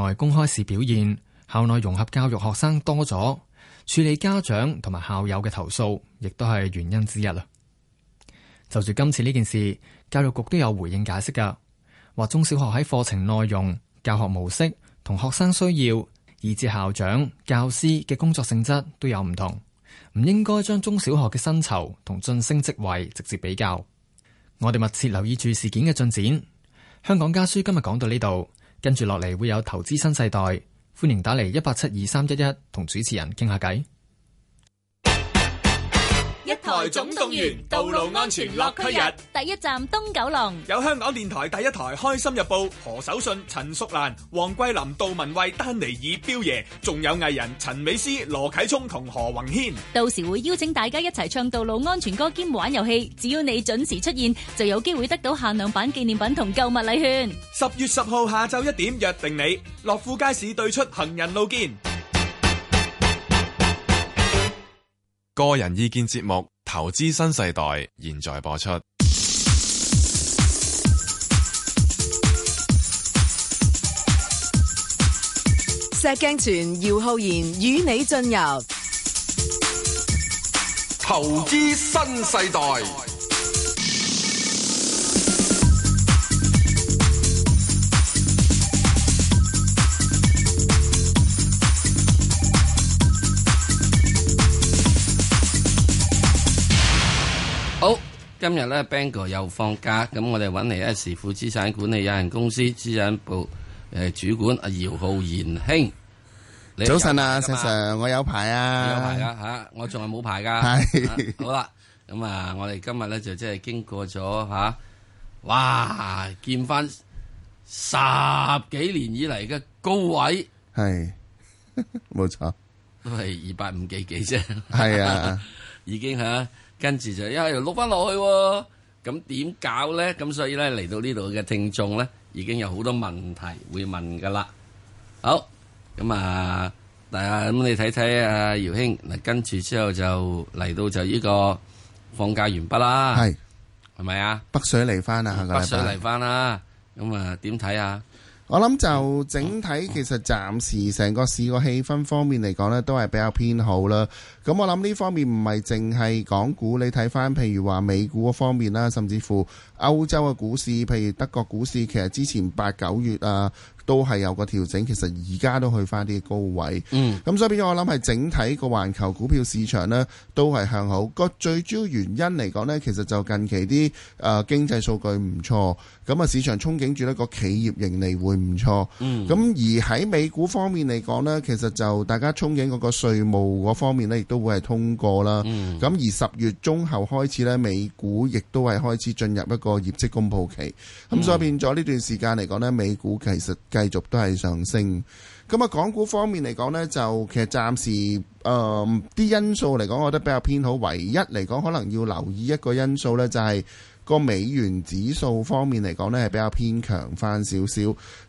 內公開試表現，校內融合教育學生多咗，處理家長同埋校友嘅投訴，亦都係原因之一啦。就住今次呢件事，教育局都有回應解釋，㗎話中小學喺課程內容、教學模式同學生需要，以至校長、教師嘅工作性質都有唔同，唔應該將中小學嘅薪酬同晉升職位直接比較。我哋密切留意住事件嘅進展。香港家書今日講到呢度。跟住落嚟會有投資新世代，歡迎打嚟一八七二三一一，同主持人傾下偈。台總動員，道路安全樂區日，第一站東九龍有香港電台第一台開心日報，何守信、陳淑蘭、黃桂林、杜文蔚、丹尼爾、彪爺，仲有藝人陳美詩、羅啟聰同何宏軒。到時會邀請大家一齊唱道路安全歌兼玩遊戲，只要你準時出現，就有機會得到限量版紀念品同購物禮券。十月十號下晝一點約定你，樂富街市對出行人路見。個人意見節目。投資新世代，現在播出。石鏡泉、姚浩然與你進入投資新世代。今日咧，Bangle 又放假，咁我哋揾嚟時富資產管理有限公司資產部誒、呃、主管阿姚浩然兄，你早晨啊，石 Sir，我有排啊，有排噶吓，我仲係冇排噶，係好啦，咁啊，我哋、 啊啊、今日咧就即、是、係經過咗吓、啊，哇，見翻十幾年以嚟嘅高位，係冇錯，錯都係二百五幾幾啫，係啊，啊已經吓。啊跟住就一係又落翻落去喎。哦，咁、啊、點搞咧？咁、啊、所以咧嚟到呢度嘅聽眾咧，已經有好多問題會問噶啦。好，咁啊，大家咁你睇睇啊，姚兄，嗱、啊，跟住之後就嚟到就呢個放假完畢啦，係係咪啊？北水嚟翻啊，北水嚟翻啦，咁啊點睇啊？我諗就整體其實暫時成個市個氣氛方面嚟講咧，都係比較偏好啦。咁我諗呢方面唔係淨係港股，你睇翻譬如話美股嗰方面啦，甚至乎歐洲嘅股市，譬如德國股市，其實之前八九月啊。都係有個調整，其實而家都去翻啲高位。嗯，咁所以變咗我諗係整體個環球股票市場呢，都係向好。個最主要原因嚟講呢，其實就近期啲誒經濟數據唔錯，咁啊市場憧憬住呢個企業盈利會唔錯。嗯，咁而喺美股方面嚟講呢，其實就大家憧憬嗰個稅務嗰方面呢，亦都會係通過啦。嗯，咁而十月中後開始呢，美股亦都係開始進入一個業績公布期。咁所以變咗呢段時間嚟講呢，美股其實。繼續都係上升，咁啊，港股方面嚟講咧，就其實暫時誒啲、呃、因素嚟講，我覺得比較偏好，唯一嚟講可能要留意一個因素咧，就係、是。個美元指數方面嚟講呢係比較偏強翻少少。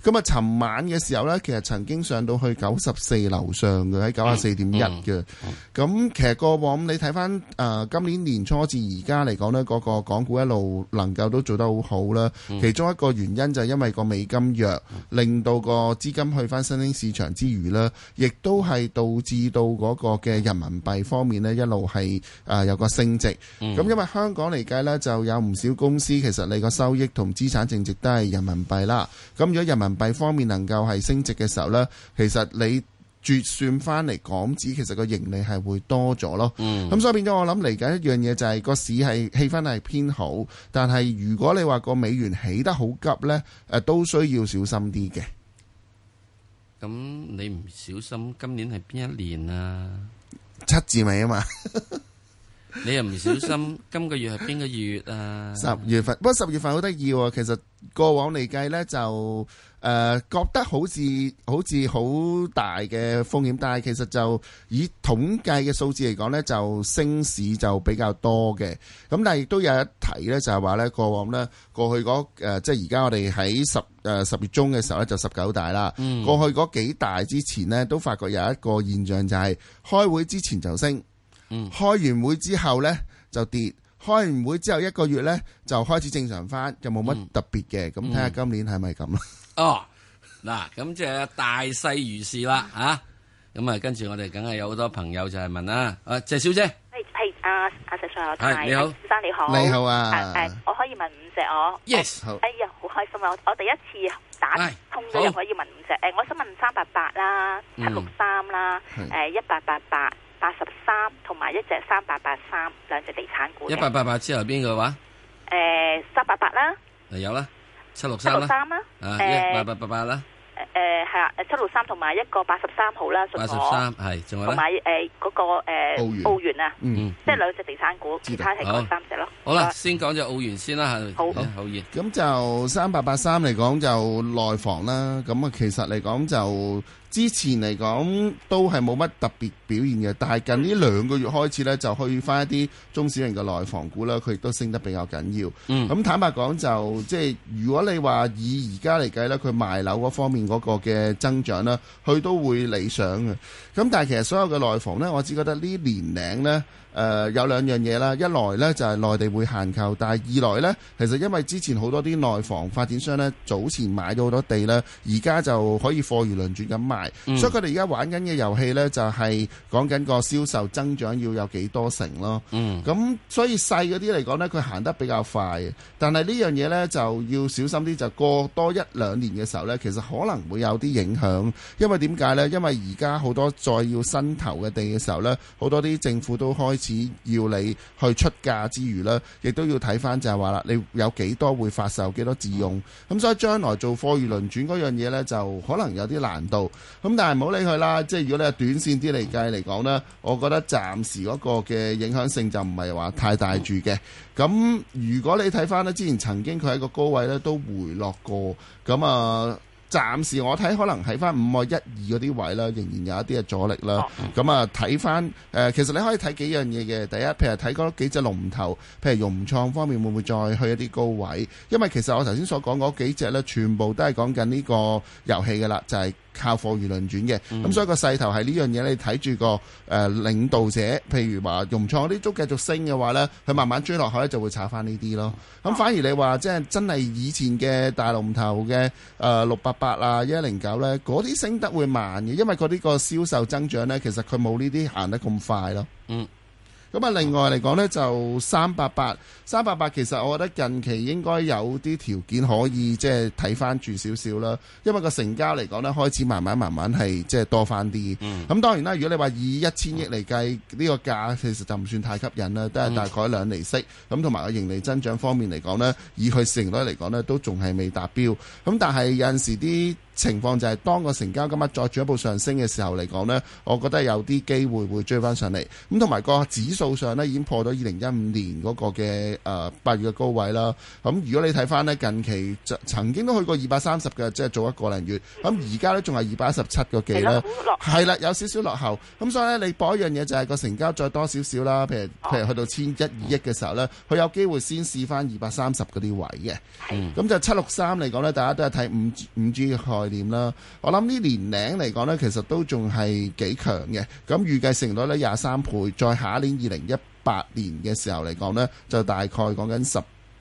咁啊，尋晚嘅時候呢，其實曾經上到去九十四樓上嘅，喺九十四點一嘅。咁、嗯嗯、其實過往你睇翻誒今年年初至而家嚟講呢嗰個港股一路能夠都做得好好啦。嗯、其中一個原因就係因為個美金弱，令到個資金去翻新興市場之餘呢，亦都係導致到嗰個嘅人民幣方面呢，呃、一路係誒有個升值。咁、嗯嗯、因為香港嚟計呢，就有唔少。公司其實你個收益同資產淨值都係人民幣啦，咁如果人民幣方面能夠係升值嘅時候呢，其實你折算翻嚟港紙，其實個盈利係會多咗咯。咁、嗯、所以變咗我諗嚟緊一樣嘢就係、是、個市係氣氛係偏好，但係如果你話個美元起得好急呢，誒都需要小心啲嘅。咁、嗯、你唔小心，今年係邊一年啊？七字尾啊嘛。 你又唔小心？ 今個月係邊個月啊？十月份，不過十月份好得意喎。其實過往嚟計咧，就、呃、誒覺得好似好似好大嘅風險，但係其實就以統計嘅數字嚟講咧，就升市就比較多嘅。咁但係亦都有一提咧，就係話咧過往咧過去嗰誒、呃、即係而家我哋喺十誒、呃、十月中嘅時候咧就十九大啦。嗯、過去嗰幾大之前咧都發覺有一個現象就係開會之前就升。開完會之後咧，就跌，開完會之後一個月咧，就開始正常翻，就冇乜特別嘅。咁睇下今年係咪咁啦。哦，嗱，咁即係大勢如是啦，吓。咁啊，跟住我哋梗係有好多朋友就係問啦。阿謝小姐，係係阿阿石你好，生你好，你好啊。我可以問五隻我？Yes。哎呀，好開心啊！我第一次打通咗又可以問五隻。誒，我想問三八八啦，七六三啦，誒，一八八八。八十三同埋一隻三八八三，兩隻地產股。一八八八之後邊個話？誒，三八八啦。誒，有啦，七六三啦。七六三啦。誒，八八八八啦。誒，係啦，誒，七六三同埋一個八十三號啦，屬我。八十三係，仲有同埋誒嗰個誒澳元啊，嗯，即係兩隻地產股，其他係嗰三隻咯。好啦，先講就澳元先啦吓。好，澳元。咁就三八八三嚟講就內房啦，咁啊其實嚟講就。之前嚟講都係冇乜特別表現嘅，但係近呢兩個月開始咧，就去翻一啲中小型嘅內房股啦，佢亦都升得比較緊要。嗯，咁、嗯、坦白講就即係如果你話以而家嚟計咧，佢賣樓嗰方面嗰個嘅增長咧，佢都會理想嘅。咁但係其實所有嘅內房咧，我只覺得年呢年齡咧，誒、呃、有兩樣嘢啦。一來咧就係、是、內地會限購，但係二來咧其實因為之前好多啲內房發展商咧早前買咗好多地咧，而家就可以貨如輪轉咁賣。嗯、所以佢哋而家玩緊嘅遊戲呢，就係講緊個銷售增長要有幾多成咯。咁、嗯、所以細嗰啲嚟講呢，佢行得比較快。但係呢樣嘢呢，就要小心啲。就過多一兩年嘅時候呢，其實可能會有啲影響。因為點解呢？因為而家好多再要新投嘅地嘅時候呢，好多啲政府都開始要你去出價之餘呢，亦都要睇翻就係話啦，你有幾多會發售，幾多自用。咁所以將來做貨如輪轉嗰樣嘢呢，就可能有啲難度。咁但係唔好理佢啦，即係如果你係短線啲嚟計嚟講咧，我覺得暫時嗰個嘅影響性就唔係話太大住嘅。咁、嗯、如果你睇翻呢，之前曾經佢喺個高位呢都回落過，咁啊，暫時我睇可能喺翻五啊一二嗰啲位咧，仍然有一啲嘅阻力啦。咁、嗯、啊，睇翻誒，其實你可以睇幾樣嘢嘅。第一，譬如睇嗰幾隻龍頭，譬如融創方面會唔會再去一啲高位？因為其實我頭先所講嗰幾隻咧，全部都係講緊呢個遊戲嘅啦，就係、是。靠貨源輪轉嘅，咁、嗯啊、所以個勢頭係呢樣嘢。你睇住個誒、呃、領導者，譬如話融創嗰啲，都繼續升嘅話呢，佢慢慢追落去咧，就會炒翻呢啲咯。咁、啊啊、反而你話即係真係以前嘅大龍頭嘅誒六八八啊、一零九呢，嗰啲升得會慢嘅，因為佢呢個銷售增長呢，其實佢冇呢啲行得咁快咯。嗯。咁啊，另外嚟講呢，就三八八，三八八其實我覺得近期應該有啲條件可以即係睇翻住少少啦，因為個成交嚟講呢，開始慢慢慢慢係即係多翻啲。咁、嗯、當然啦，如果你話以一千億嚟計，呢、嗯、個價其實就唔算太吸引啦，都係大概兩厘息。咁同埋個盈利增長方面嚟講呢，以佢成率嚟講呢，都仲係未達標。咁但係有陣時啲情況就係當個成交今日再進一步上升嘅時候嚟講呢，我覺得有啲機會會追翻上嚟。咁同埋個指數上呢，已經破到二零一五年嗰個嘅誒八月嘅高位啦。咁如果你睇翻呢，近期曾經都去過二百三十嘅，即係做一個零月。咁而家呢，仲係二百一十七個幾呢，係啦，有少少落後。咁所以呢，你博一樣嘢就係個成交再多少少啦。譬如譬如去到千一二億嘅時候呢，佢有機會先試翻二百三十嗰啲位嘅。咁的就七六三嚟講呢，大家都係睇五五 G 點啦？我諗呢，年齡嚟講呢，其實都仲係幾強嘅。咁預計成率呢，廿三倍，再下一年二零一八年嘅時候嚟講呢，就大概講緊十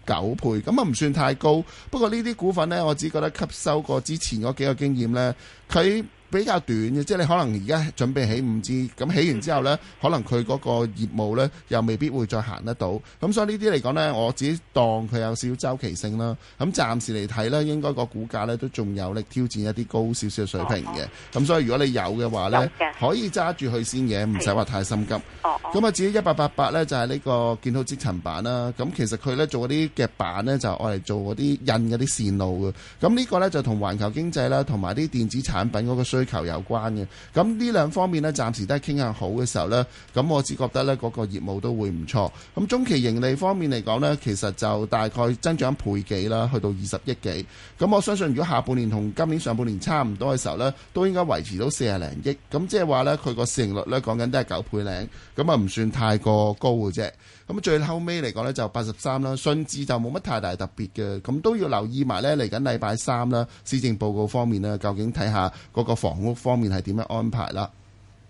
九倍。咁啊，唔算太高。不過呢啲股份呢，我只覺得吸收過之前嗰幾個經驗呢。佢。比較短嘅，即係你可能而家準備起五支，咁起完之後呢，可能佢嗰個業務呢又未必會再行得到。咁所以呢啲嚟講呢，我自己當佢有少少週期性啦。咁暫時嚟睇呢，應該個股價呢都仲有力挑戰一啲高少少水平嘅。咁、哦哦、所以如果你有嘅話呢，的可以揸住佢先嘅，唔使話太心急。咁啊，至於一八八八呢，就係、是、呢個建滔積層板啦。咁其實佢呢做嗰啲夾板呢，就嚟、是、做嗰啲印嗰啲線路嘅。咁呢個呢，就同環球經濟啦，同埋啲電子產品嗰個需需求有關嘅，咁呢兩方面呢，暫時都係傾向好嘅時候呢。咁我只覺得呢嗰個業務都會唔錯。咁中期盈利方面嚟講呢，其實就大概增長倍幾啦，去到二十億幾。咁我相信如果下半年同今年上半年差唔多嘅時候呢，都應該維持到四十零億。咁即係話呢，佢個市盈率呢，講緊都係九倍零，咁啊唔算太過高嘅啫。咁最後尾嚟講呢，就八十三啦，信置就冇乜太大特別嘅，咁都要留意埋呢。嚟緊禮拜三啦，施政報告方面呢，究竟睇下嗰個房屋方面係點樣安排啦。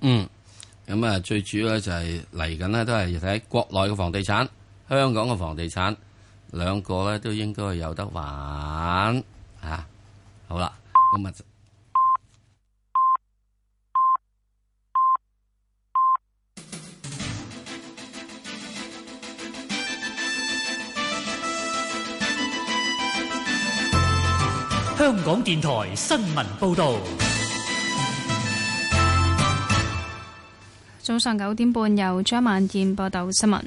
嗯，咁啊最主要呢、就是，就係嚟緊呢，都係睇國內嘅房地產，香港嘅房地產，兩個呢，都應該有得玩吓、啊。好啦，咁啊。香港電台新聞報道，早上九點半由張曼燕報道新聞。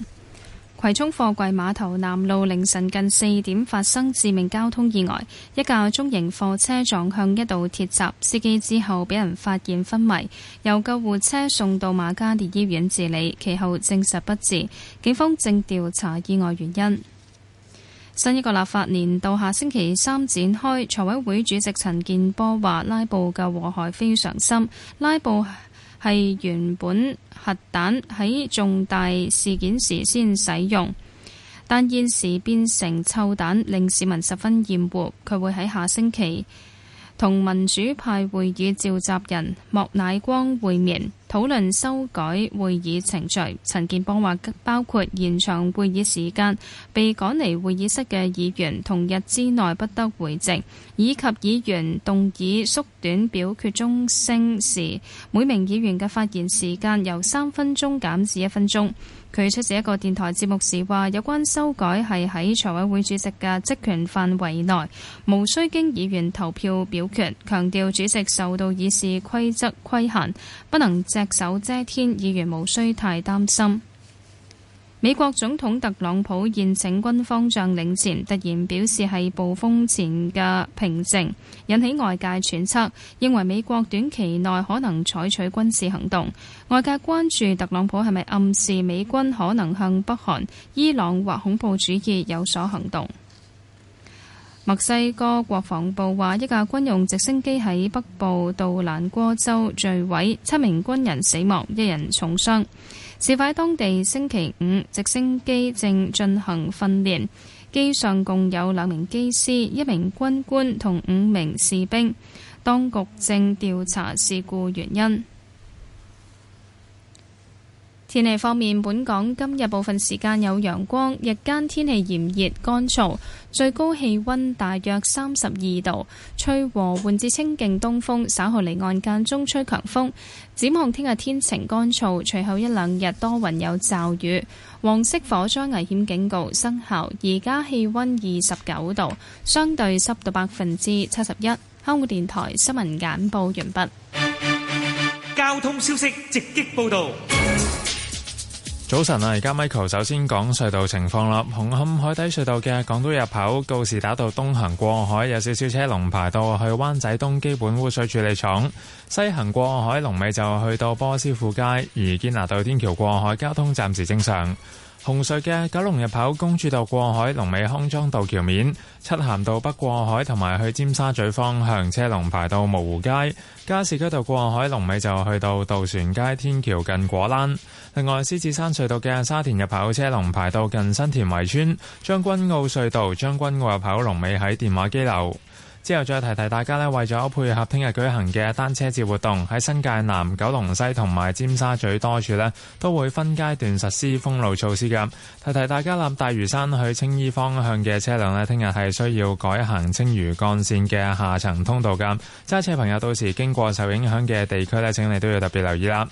葵涌貨櫃碼頭南路凌晨近四點發生致命交通意外，一架中型貨車撞向一道鐵閘，司機之後被人發現昏迷，由救護車送到瑪嘉烈醫院治理，其後證實不治。警方正調查意外原因。新一個立法年度下星期三展開，財委會主席陳建波話：拉布嘅禍害非常深，拉布係原本核彈喺重大事件時先使用，但現時變成臭彈，令市民十分厭惡。佢會喺下星期同民主派會議召集人莫乃光會面，討論修改會議程序。陳建邦話，包括延長會議時間，被趕離會議室嘅議員同日之內不得回席，以及議員動議縮短表決鐘聲時，每名議員嘅發言時間由三分鐘減至一分鐘。佢出席一個電台節目時話，有關修改係喺財委會主席嘅職權範圍內，無需經議員投票表決，強調主席受到議事規則規限，不能隻手遮天，議員無需太擔心。美國總統特朗普宴請軍方將領前，突然表示係暴風前嘅平靜，引起外界揣測，認為美國短期內可能採取軍事行動。外界關注特朗普係咪暗示美軍可能向北韓、伊朗或恐怖主義有所行動。墨西哥國防部話一架軍用直升機喺北部杜蘭戈州墜毀，七名軍人死亡，一人重傷。事發當地星期五，直升機正進行訓練，機上共有兩名機師、一名軍官同五名士兵。當局正調查事故原因。.天氣方面，本港今日部分時間有陽光，日間天氣炎熱乾燥，最高氣溫大約三十二度，吹和緩至清勁東風，稍後離岸間中吹強風。展望聽日天晴乾燥，隨後一兩日多雲有驟雨。黃色火災危險警告生效，而家氣溫二十九度，相對濕度百分之七十一。香港電台新聞簡報完畢。交通消息直擊報道。早晨啊！而家 Michael 首先講隧道情況啦。紅磡海底隧道嘅港島入口告士打道東行過海有少少車龍排到去灣仔東基本污水處理廠，西行過海龍尾就去到波斯富街。而堅拿道天橋過海交通暫時正常。紅隧嘅九龍入口公主道，過海龍尾康莊道橋面，漆咸道北過海同埋去尖沙咀方向車龍排到蕪湖街，加士居道過海龍尾就去到渡船街天橋近果欄。另外，獅子山隧道嘅沙田入口車龍排到近新田圍村，將軍澳隧道將軍澳入口龍尾喺電話機樓。之後再提提大家呢，為咗配合聽日舉行嘅單車節活動，喺新界南、九龍西同埋尖沙咀多處呢都會分階段實施封路措施嘅。提提大家，駛大嶼山去青衣方向嘅車輛呢，聽日係需要改行青嶼幹線嘅下層通道㗎。揸車朋友到時經過受影響嘅地區呢，請你都要特別留意啦。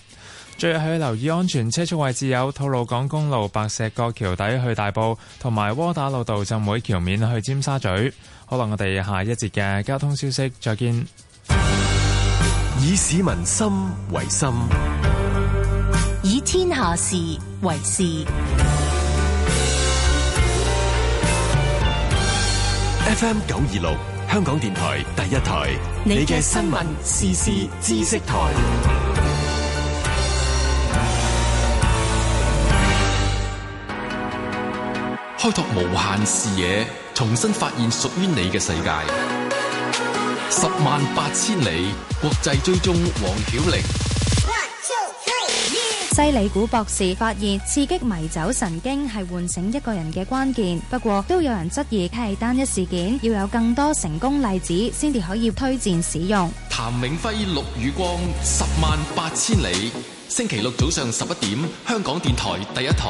最要留意安全車速，位置有吐露港公路白石角橋底去大埔，同埋窩打老道浸會橋面去尖沙咀。好啦，我哋下一節嘅交通消息再見。以市民心為心，以天下事為事。FM 九二六，香港電台第一台，你嘅新聞、時事、知識台，開拓無限視野。重新發現屬於你嘅世界。十萬八千里國際追蹤王曉玲。One, two, three, yeah. 西里古博士發現刺激迷走神經係喚醒一個人嘅關鍵，不過都有人質疑佢係單一事件，要有更多成功例子先至可以推薦使用。譚永輝、陸雨光，十萬八千里，星期六早上十一點，香港電台第一台。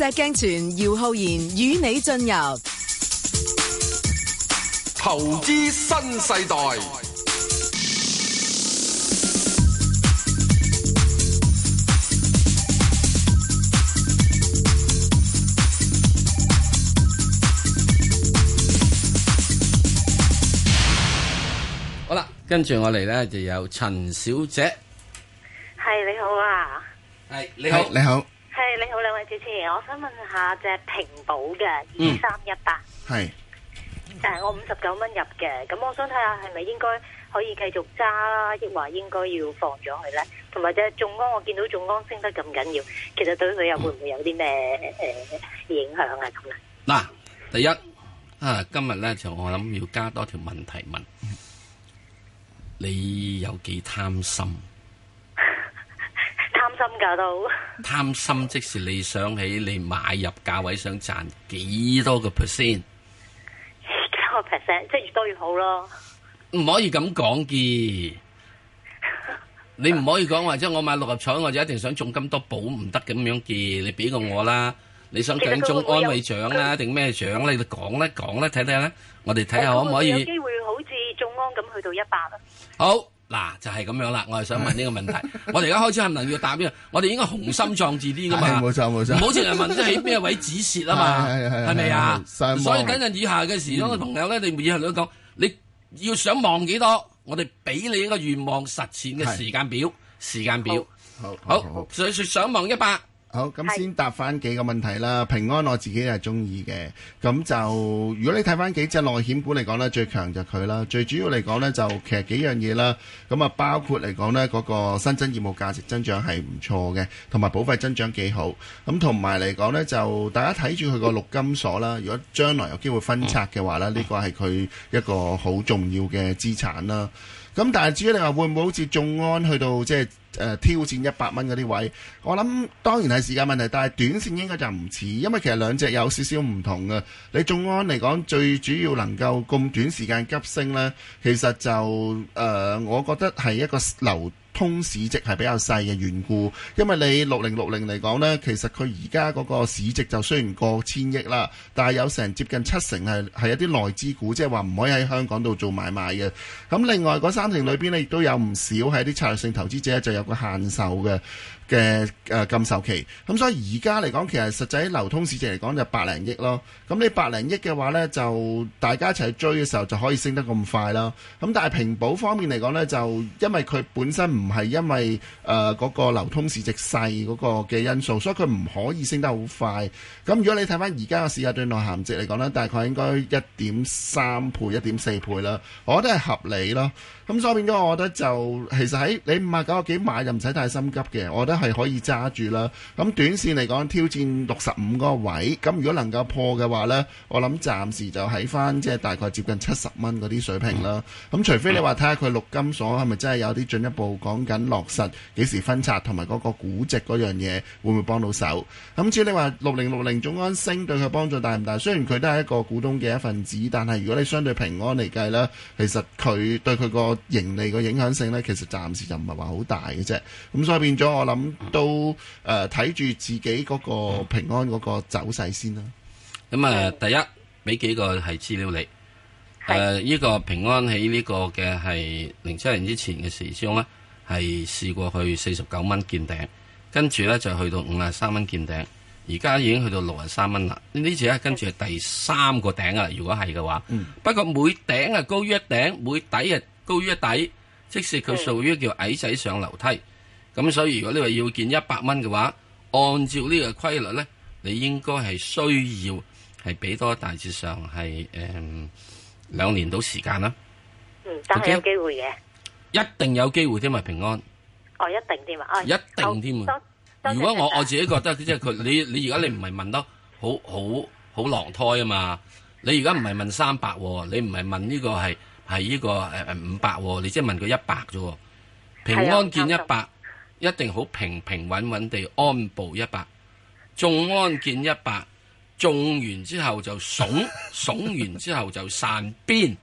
石鏡泉，姚浩然與你進入投資新世代。好啦，跟住我嚟呢，就有陳小姐，係你好啊，係你好你好。係、hey, 你好，兩位主持，我想問下隻,隻平保嘅二三一八，係誒、呃、我五十九蚊入嘅，咁我想睇下係咪應該可以繼續揸，啦，亦或應該要放咗佢咧？同埋隻眾安，我見到眾安升得咁緊要，其實對佢又會唔會有啲咩誒影響啊？咁咧，嗱，第一啊，今日咧就我諗要加多條問題問你，有幾貪心？貪心，即係你想起你買入價位想賺幾多個 percent，幾多 percent，即係越多越好咯。唔可以咁講嘅，你唔可以講，或者我買六合彩我就一定想中咁多寶，唔得咁樣嘅，你俾個我啦。你想定中安慰獎啦，定咩獎咧？你講咧，講咧，睇睇啦，我哋睇下可唔可以有機會好似眾安咁去到一百啊？好。嗱就係、是、咁樣啦，我係想問呢個問題， 我哋而家開始係咪要答呢、這、邊、個？我哋應該雄心壯志啲噶嘛？冇錯冇錯，唔好淨係問即係喺咩位止蝕啊嘛？係係係，咪啊 了？所以等陣以下嘅時鐘嘅朋友咧，你以後都講，你要想望幾多，我哋俾你一個願望實踐嘅時間表， 是 時間表好，好，好，好，好好好所以說想望一百。好，咁先答翻幾個問題啦。平安我自己係中意嘅，咁就如果你睇翻幾隻內險股嚟講呢，最強就佢啦。最主要嚟講呢，就其實幾樣嘢啦。咁啊，包括嚟講呢嗰、嗰個新增業務價值增長係唔錯嘅，同埋保費增長幾好。咁同埋嚟講呢，就大家睇住佢個陸金所啦。如果將來有機會分拆嘅話呢呢、呢個係佢一個好重要嘅資產啦。咁但係至於你話會唔會好似眾安去到即係誒挑戰一百蚊嗰啲位，我諗當然係時間問題，但係短線應該就唔似，因為其實兩隻有少少唔同嘅。你眾安嚟講，最主要能夠咁短時間急升咧，其實就誒，我覺得係一個流通市值係比較細嘅緣故，因為你六零六零嚟講呢，其實佢而家嗰個市值就雖然過千億啦，但係有成接近七成係係一啲內資股，即係話唔可以喺香港度做買賣嘅。咁另外嗰三成裏邊呢，亦都有唔少係啲策略性投資者就有個限售嘅。嘅誒禁售期，咁、嗯、所以而家嚟講，其實實際流通市值嚟講就百零億咯。咁、嗯、你百零億嘅話呢，就大家一齊追嘅時候，就可以升得咁快啦。咁、嗯、但係平保方面嚟講呢，就因為佢本身唔係因為誒嗰、呃那個流通市值細嗰個嘅因素，所以佢唔可以升得好快。咁、嗯、如果你睇翻而家嘅市價對內含值嚟講呢，大概應該一點三倍、一點四倍啦，我覺得係合理咯。咁所以變咗，我覺得就其實喺你五十九個幾買就唔使太心急嘅，我覺得係可以揸住啦。咁短線嚟講挑戰六十五個位，咁如果能夠破嘅話呢，我諗暫時就喺翻即係大概接近七十蚊嗰啲水平啦。咁除非你話睇下佢陸金所係咪真係有啲進一步講緊落實幾時分拆同埋嗰個估值嗰樣嘢會唔會幫到手？咁至於你話六零六零眾安在線對佢幫助大唔大？雖然佢都係一個股東嘅一份子，但係如果你相對平安嚟計咧，其實佢對佢個盈利個影響性咧，其實暫時就唔係話好大嘅啫。咁、啊、所以變咗，我諗都誒睇住自己嗰個平安嗰個走勢先啦。咁誒、嗯，嗯、第一俾幾個係資料你誒。依是、呃呢個平安喺呢個嘅係零七年之前嘅時鐘咧，係試過去四十九蚊見頂，跟住咧就去到五啊三蚊見頂，而家已經去到六啊三蚊啦。呢次咧跟住係第三個頂啊。如果係嘅話，嗯、不過每頂啊高於一頂，每底啊、就是。高於一底，即使佢屬於叫矮仔上樓梯，咁所以如果你話要見一百蚊嘅話，按照呢個規律咧，你應該係需要係俾多大致上係誒兩年到時間啦。In 嗯，但係有機會嘅，一定有機會添啊！平安，哦，一定添啊！哎、一定添啊、哦！嗯哦、如果我 我自己覺得，即係佢你你而家你唔係問得好好好，好，好，好浪胎啊嘛？浪水 drummer deduction wissen 你而家唔係問三百喎，你唔係問呢個係。係呢、這個誒誒五百，你即係問佢一百啫。平安見一百，一定好平平穩穩地安步一百，眾安見一百，眾完之後就慫，慫 完之後就散邊。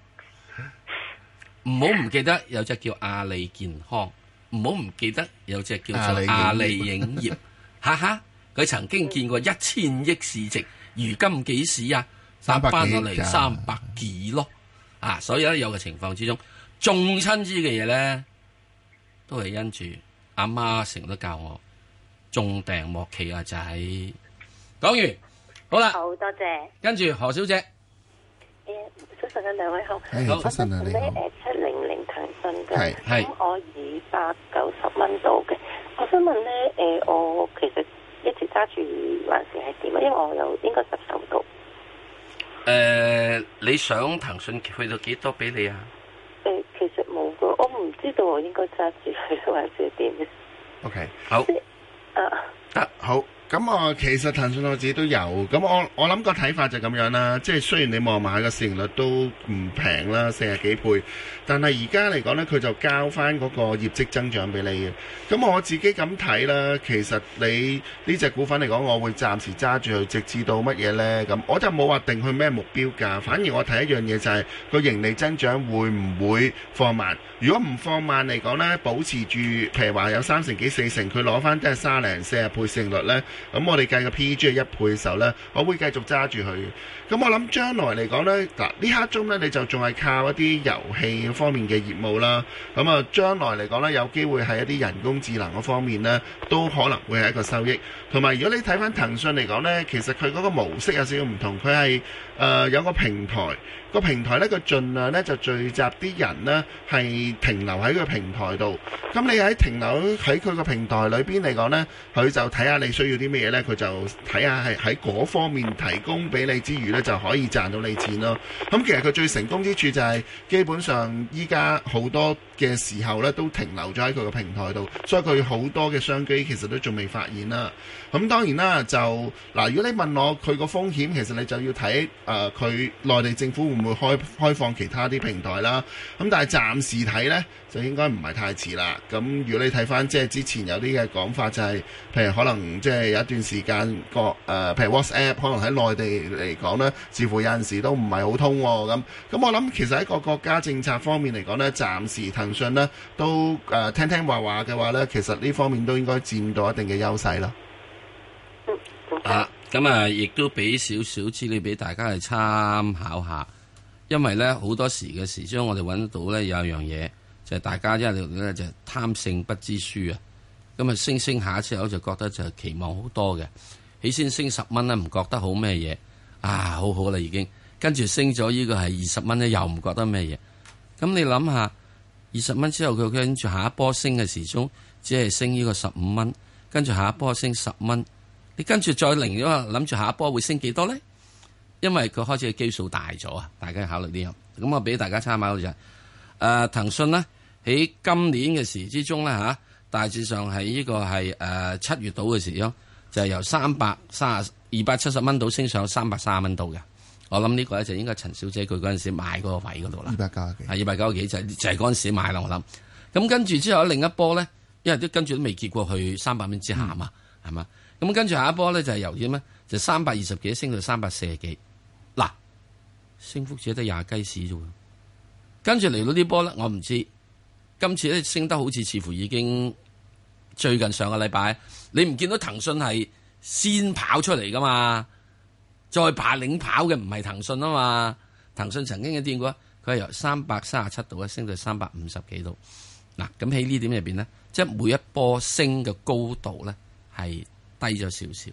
唔好唔記得有隻叫阿里健康，唔好唔記得有隻叫做阿里影業。哈哈，佢 曾經見過一千億市值，如今幾時啊？三百幾咋？三百幾咯？啊，所以咧有個情況之中，重親資嘅嘢咧，都係因住阿媽成日都教我重掟卧旗啊仔。講完好啦，好多謝。跟住何小姐，誒、欸，早晨啊兩位好，早晨啊你好。呃、是我咧誒七零零騰訊嘅，咁我二百九十蚊到嘅。是我想問咧誒、呃，我其實一直揸住還是係點？因為我又應該十手到。誒。你想騰訊去到幾多俾你啊？誒，其實冇噶，我唔知道我應該揸住佢，或者點嘅？OK，好啊，好。咁我其實騰訊我自己都有，咁我我諗個睇法就咁樣啦，即係雖然你望下個市盈率都唔平啦，四十幾倍，但係而家嚟講呢，佢就交翻嗰個業績增長俾你嘅。咁我自己咁睇啦，其實你呢隻股份嚟講，我會暫時揸住佢，直至到乜嘢呢？咁我就冇話定佢咩目標價，反而我睇一樣嘢就係、是、個盈利增長會唔會放慢？如果唔放慢嚟講呢，保持住譬如話有三成幾四成，佢攞翻都係三零四十倍市盈率呢。咁我哋計個 PEG 係一倍嘅時候呢，我會繼續揸住佢。咁我諗將來嚟講呢，嗱呢刻鐘呢，你就仲係靠一啲遊戲方面嘅業務啦。咁啊將來嚟講呢，有機會喺一啲人工智能嗰方面呢，都可能會係一個收益。同埋如果你睇翻騰訊嚟講呢，其實佢嗰個模式有少少唔同，佢係。誒、呃、有個平台，個平台呢，佢盡量呢，就聚集啲人呢，係停留喺個平台度。咁你喺停留喺佢個平台裏邊嚟講呢，佢就睇下你需要啲咩嘢呢，佢就睇下係喺嗰方面提供俾你之餘呢，就可以賺到你錢咯。咁、嗯、其實佢最成功之處就係基本上依家好多嘅時候呢，都停留咗喺佢個平台度，所以佢好多嘅商機其實都仲未發現啦。咁、嗯、當然啦，就嗱、呃，如果你問我佢個風險，其實你就要睇。誒佢、呃、內地政府會唔會開開放其他啲平台啦？咁但係暫時睇呢，就應該唔係太遲啦。咁如果你睇翻即係之前有啲嘅講法、就是，就係譬如可能即係有一段時間個誒、呃，譬如 WhatsApp 可能喺內地嚟講呢，似乎有陣時都唔係好通喎、啊。咁咁我諗其實喺個國家政策方面嚟講呢，暫時騰訊呢都誒、呃、聽聽話話嘅話呢，其實呢方面都應該佔到一定嘅優勢啦。啊。咁啊，亦都俾少少資料俾大家去參考下，因為呢，好多時嘅時鐘我哋揾到呢，有一樣嘢，就係大家一路呢就貪勝不知輸啊。咁啊，升升下一次我就覺得就期望好多嘅，起先升十蚊呢唔覺得好咩嘢啊，好好啦已經。跟住升咗呢個係二十蚊呢又唔覺得咩嘢。咁你諗下，二十蚊之後佢跟住下一波升嘅時鐘，只係升呢個十五蚊，跟住下一波升十蚊。你跟住再零咗，諗住下一波會升幾多咧？因為佢開始嘅基數大咗啊！大家考慮啲咁，咁我俾大家參考就係誒騰訊咧，喺、呃、今年嘅時之中咧嚇、啊、大致上係呢個係誒七月度嘅時咯，就係、是、由三百三十二百七十蚊到升上三百三十蚊到嘅。我諗呢個咧就應該陳小姐佢嗰陣時買嗰個位嗰度啦，二百九啊幾係二百九啊幾，就就係嗰陣時買咯。我諗咁跟住之後另一波咧，因為跟都跟住都未結過去三百蚊之下嘛，係嘛、嗯？咁跟住下一波咧就係由點咧？就三百二十幾升到三百四十幾，嗱，升幅者只得廿雞屎啫喎。跟住嚟到呢波咧，我唔知今次咧升得好似似乎已經最近上個禮拜，你唔見到騰訊係先跑出嚟噶嘛？再爬領跑嘅唔係騰訊啊嘛？騰訊曾經嘅點過，佢係由三百三十七度咧升到三百五十幾度。嗱，咁喺呢點入邊咧，即係每一波升嘅高度咧係。低咗少少，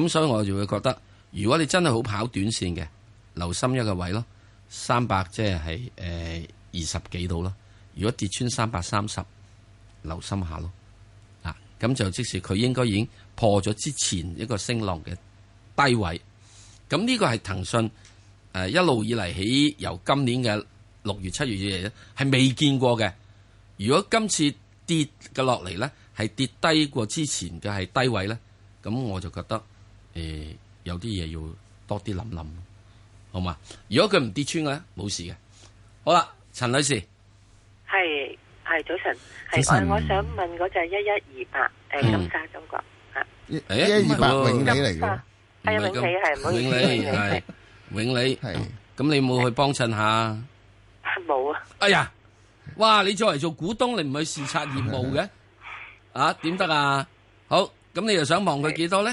咁所以我就會覺得，如果你真係好跑短線嘅，留心一個位咯，三百即係誒，二十幾度咯。如果跌穿三百三十，留心下咯。啊，咁就即使佢應該已經破咗之前一個升浪嘅低位，咁呢個係騰訊誒、呃、一路以嚟，起由今年嘅六月七月以嚟，係未見過嘅。如果今次跌嘅落嚟咧，係跌低過之前嘅係低位咧，咁我就覺得誒有啲嘢要多啲諗諗，好嘛？如果佢唔跌穿嘅咧，冇事嘅。好啦，陳女士，係係早晨，早晨，我想問嗰隻一一二八誒，金沙中國啊，一一二八永利嚟嘅，係永利係，永利係，咁你有冇去幫襯下？冇啊！哎呀，哇！你作為做股東，你唔去視察業務嘅？啊，點得啊？好，咁你又想望佢幾多呢？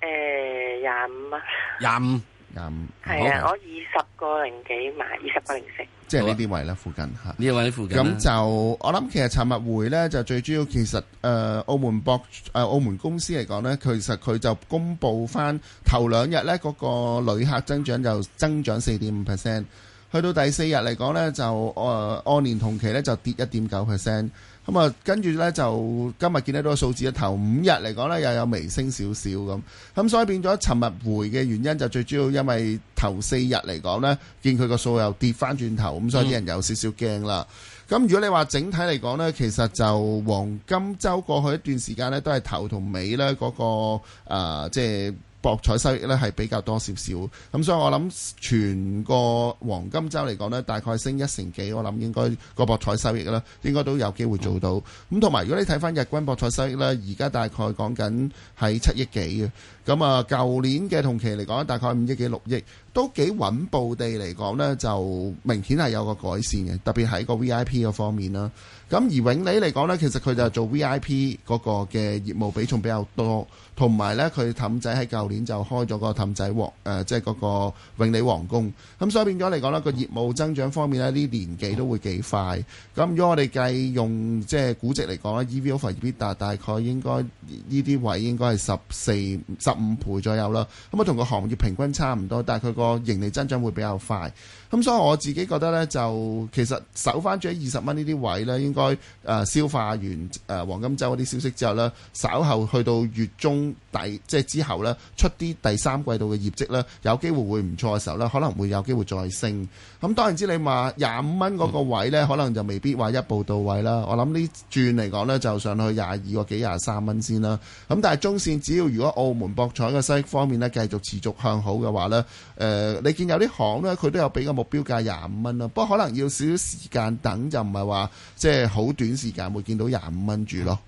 誒、欸，廿五啊，廿五廿五，廿五，廿五，係啊，我二十個零幾買，二十個零四，28，啊、即係呢啲位啦，附近吓，呢位附近。咁就我諗，其實尋日匯呢，就最主要，其實誒、呃，澳門博、呃、澳門公司嚟講呢，其實佢就公布翻頭兩日呢嗰、嗰個旅客增長就增長四點五 percent，去到第四日嚟講呢，就誒按、呃、年同期呢，就跌一點九 percent。咁啊，跟住、嗯、呢，就今日見得到個數字，頭五日嚟講呢，又有微升少少咁，咁所以變咗尋日回嘅原因就最主要因為頭四日嚟講呢，見佢個數又跌翻轉頭，咁所以啲人有少少驚啦。咁、嗯、如果你話整體嚟講呢，其實就黃金週過去一段時間呢、那個，都係頭同尾呢嗰個啊，即係。博彩收益咧係比較多少少，咁所以我諗全個黃金週嚟講咧，大概升一成幾，我諗應該個博彩收益咧應該都有機會做到。咁同埋如果你睇翻日均博彩收益呢而家大概講緊係七億幾嘅，咁啊舊年嘅同期嚟講大概五億幾六億，都幾穩步地嚟講呢就明顯係有個改善嘅，特別喺個 V I P 嗰方面啦。咁而永利嚟講呢其實佢就做 V I P 嗰個嘅業務比重比較多。同埋咧，佢氹仔喺舊年就開咗個氹仔皇，呃，即係嗰個永利皇宮。咁所以變咗嚟講咧，個業務增長方面呢，啲年紀都會幾快。咁如果我哋計用即係估值嚟講咧，EV over EBITDA 大概應該呢啲位應該係十四、十五倍左右啦。咁啊，同個行業平均差唔多，但係佢個盈利增長會比較快。咁所以我自己覺得呢，就其實守翻住喺二十蚊呢啲位呢，應該誒消化完誒黃金週嗰啲消息之後呢，稍後去到月中。第即係之後呢，出啲第三季度嘅業績呢，有機會會唔錯嘅時候呢，可能會有機會再升。咁當然之，你話廿五蚊嗰個位呢，可能就未必話一步到位啦。我諗呢轉嚟講呢，就上去廿二個幾、廿三蚊先啦。咁但係中線，只要如果澳門博彩嘅收益方面呢，繼續持續向好嘅話呢，誒、呃，你見有啲行呢，佢都有俾個目標價廿五蚊啦。不過可能要少少時間等，就唔係話即係好短時間會見到廿五蚊住咯。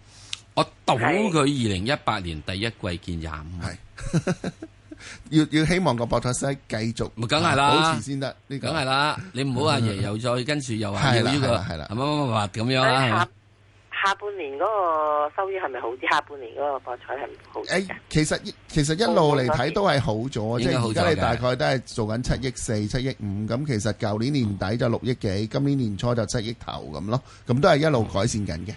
我賭佢二零一八年第一季見廿五。係要要希望個博彩繼續，咪梗係啦，保持先得，你梗係啦，你唔好話又又再跟住又話呢個係啦係啦，咁樣下下半年嗰個收益係咪好啲？下半年嗰個博彩係咪好？誒，其實其實一路嚟睇都係好咗，即係而家你大概都係做緊七億四、七億五，咁其實舊年年底就六億幾，今年年初就七億頭咁咯，咁都係一路改善緊嘅。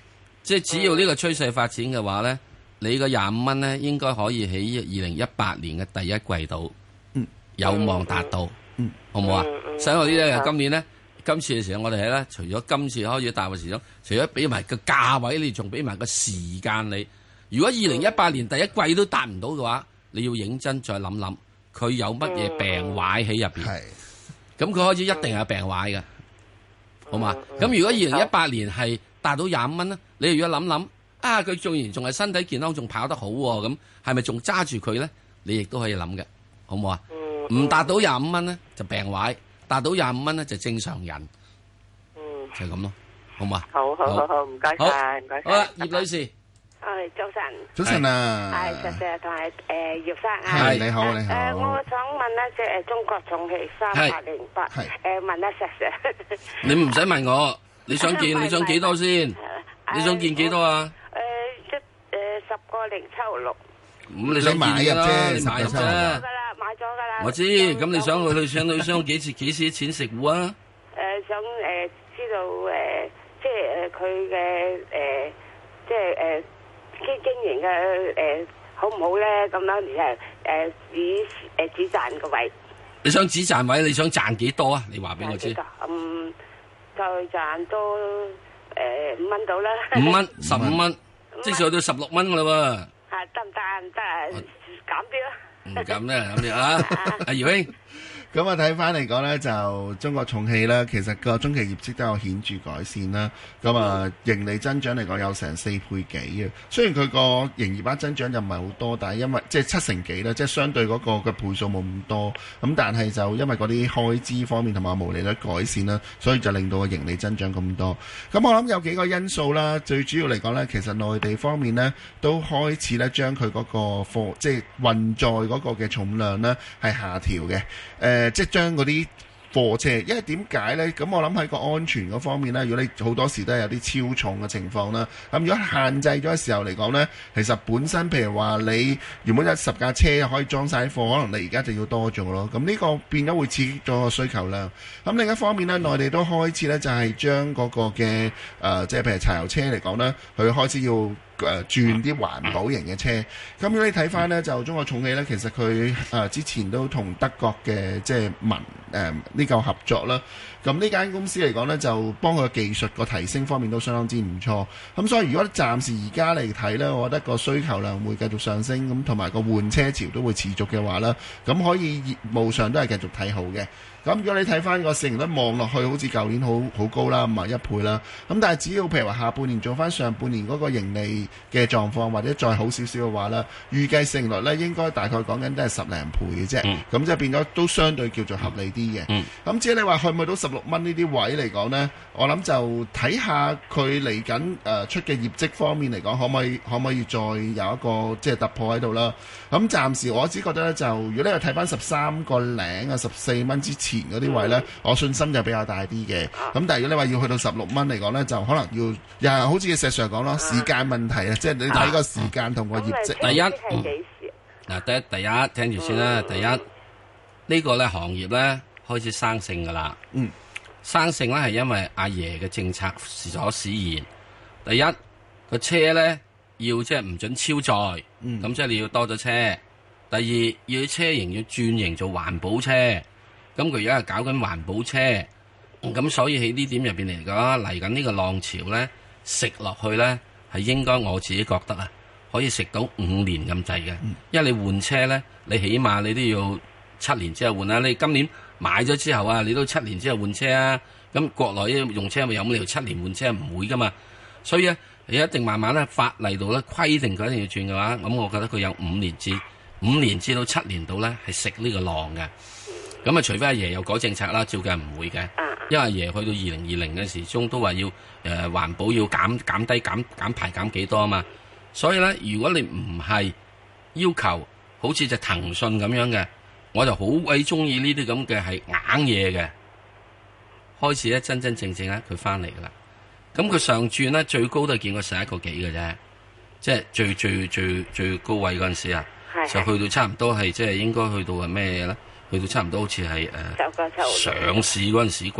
即係只要呢個趨勢發展嘅話呢，你個廿五蚊呢，應該可以喺二零一八年嘅第一季度、嗯、有望達到，嗯、好唔好啊？所以我呢啲啊，今年呢，今次嘅時候我哋咧，除咗今次開始大步成長，除咗俾埋個價位，你仲俾埋個時間你。如果二零一八年第一季都達唔到嘅話，你要認真再諗諗，佢有乜嘢病壞喺入邊？咁佢、嗯、開始一定係病壞嘅，好嘛？咁、嗯、如果二零一八年係達到廿五蚊咧？你如果諗諗，啊，佢縱然仲係身體健康，仲跑得好喎，咁係咪仲揸住佢咧？你亦都可以諗嘅，好唔好啊？唔達到廿五蚊咧就病壞，達到廿五蚊咧就正常人。嗯，就係咁咯，好唔好啊？好好好，唔該晒，唔該晒。葉女士，係早晨，早晨啊，係石生同埋誒葉生係，你好，你好。誒，我想問一，即係中國重汽三百零八，係誒問一石生。你唔使問我，你想見你想幾多先？你想見幾多啊？誒，一誒十個零七六六。咁你想買噶？啦，買入噶啦。買咗噶啦。我知，咁你想去想到商幾時幾時錢食股啊？誒，想誒知道誒，即係誒佢嘅，誒，即係誒經經營嘅誒好唔好咧？咁樣然係誒隻誒隻賺個位。你想隻賺位？你想賺幾多啊？你話俾我知。嗯，就賺多。誒，五蚊到啦，五蚊十五蚊，五元即係去到十六蚊噶啦喎，吓得唔得？得，減啲咯，唔減咩？減啲啊？係咪、啊？姚兄咁啊，睇翻嚟講呢，就中國重汽呢，其實個中期業績都有顯著改善啦。咁啊、mm，hmm. 盈利增長嚟講有成四倍幾嘅。雖然佢個營業額增長就唔係好多，但係因為即係、就是、七成幾啦，即、就、係、是、相對嗰個嘅倍數冇咁多。咁但係就因為嗰啲開支方面同埋毛利率改善啦，所以就令到個盈利增長咁多。咁我諗有幾個因素啦。最主要嚟講呢，其實內地方面呢都開始呢將佢嗰個貨即係、就是、運載嗰個嘅重量呢，係下調嘅。誒、呃。即將嗰啲貨車，因為點解呢？咁我諗喺個安全嗰方面咧，如果你好多時都係有啲超重嘅情況啦，咁如果限制咗嘅時候嚟講呢，其實本身譬如話你原本有十架車可以裝晒貨，可能你而家就要多做咯。咁呢個變咗會刺激咗個需求量。咁另一方面呢，內地都開始呢，就係將嗰個嘅誒，即係譬如柴油車嚟講咧，佢開始要。誒轉啲環保型嘅車，咁如果你睇翻呢，就中國重汽呢，其實佢誒、呃、之前都同德國嘅即係文誒呢嚿合作啦，咁呢間公司嚟講呢，就幫佢技術個提升方面都相當之唔錯，咁所以如果暫時而家嚟睇呢，我覺得個需求量會繼續上升，咁同埋個換車潮都會持續嘅話呢，咁可以業務上都係繼續睇好嘅。咁如果你睇翻個成率望落去，好似舊年好好高啦，唔係一倍啦。咁但係只要譬如話下半年做翻上半年嗰個盈利嘅狀況，或者再好少少嘅話咧，預計成率咧應該大概講緊都係十零倍嘅啫。咁即係變咗都相對叫做合理啲嘅。咁至於你話去唔去到十六蚊呢啲位嚟講咧，我諗就睇下佢嚟緊誒出嘅業績方面嚟講，可唔可以可唔可以再有一個即係突破喺度啦？咁、嗯、暫時我只覺得咧，就如果你睇翻十三個零啊十四蚊之前。嗰啲位咧，嗯、我信心就比較大啲嘅。咁、啊、但係如果你話要去到十六蚊嚟講咧，就可能要又係好似石上 i 講咯，時間問題啊，即係你睇個時間同、啊、個業績。第一，嗱、嗯，第一、嗯、第一聽住先啦。第一呢個咧行業咧開始生性噶啦。嗯，生性咧係因為阿爺嘅政策是所使然。第一個車咧要即係唔準超載，咁、嗯、即係你要多咗車。第二要車型要轉型做環保車。咁佢而家係搞緊環保車，咁、嗯、所以喺呢點入邊嚟講，嚟緊呢個浪潮咧，食落去咧，係應該我自己覺得啊，可以食到五年咁滯嘅。嗯、因為你換車咧，你起碼你都要七年之後換啊。你今年買咗之後啊，你都七年之後換車啊。咁國內啲用車咪有五年七年換車唔會噶嘛？所以咧、啊，你一定慢慢咧法例度咧規定佢一定要轉嘅話，咁我覺得佢有五年至五年至到七年度咧係食呢個浪嘅。咁啊，除非阿爺又改政策啦，照計唔會嘅。嗯。因為阿爺去到二零二零嗰陣時，中都話要誒、呃、環保要減減低減減排減幾多啊嘛。所以咧，如果你唔係要求好似隻騰訊咁樣嘅，我就好鬼中意呢啲咁嘅係硬嘢嘅。開始咧，真真正正咧，佢翻嚟噶啦。咁佢上轉咧，最高都係見過十一個幾嘅啫，即係最最最最最高位嗰陣時啊，的就去到差唔多係即係應該去到係咩嘢咧？去到差唔多好似係誒上市嗰陣時啩，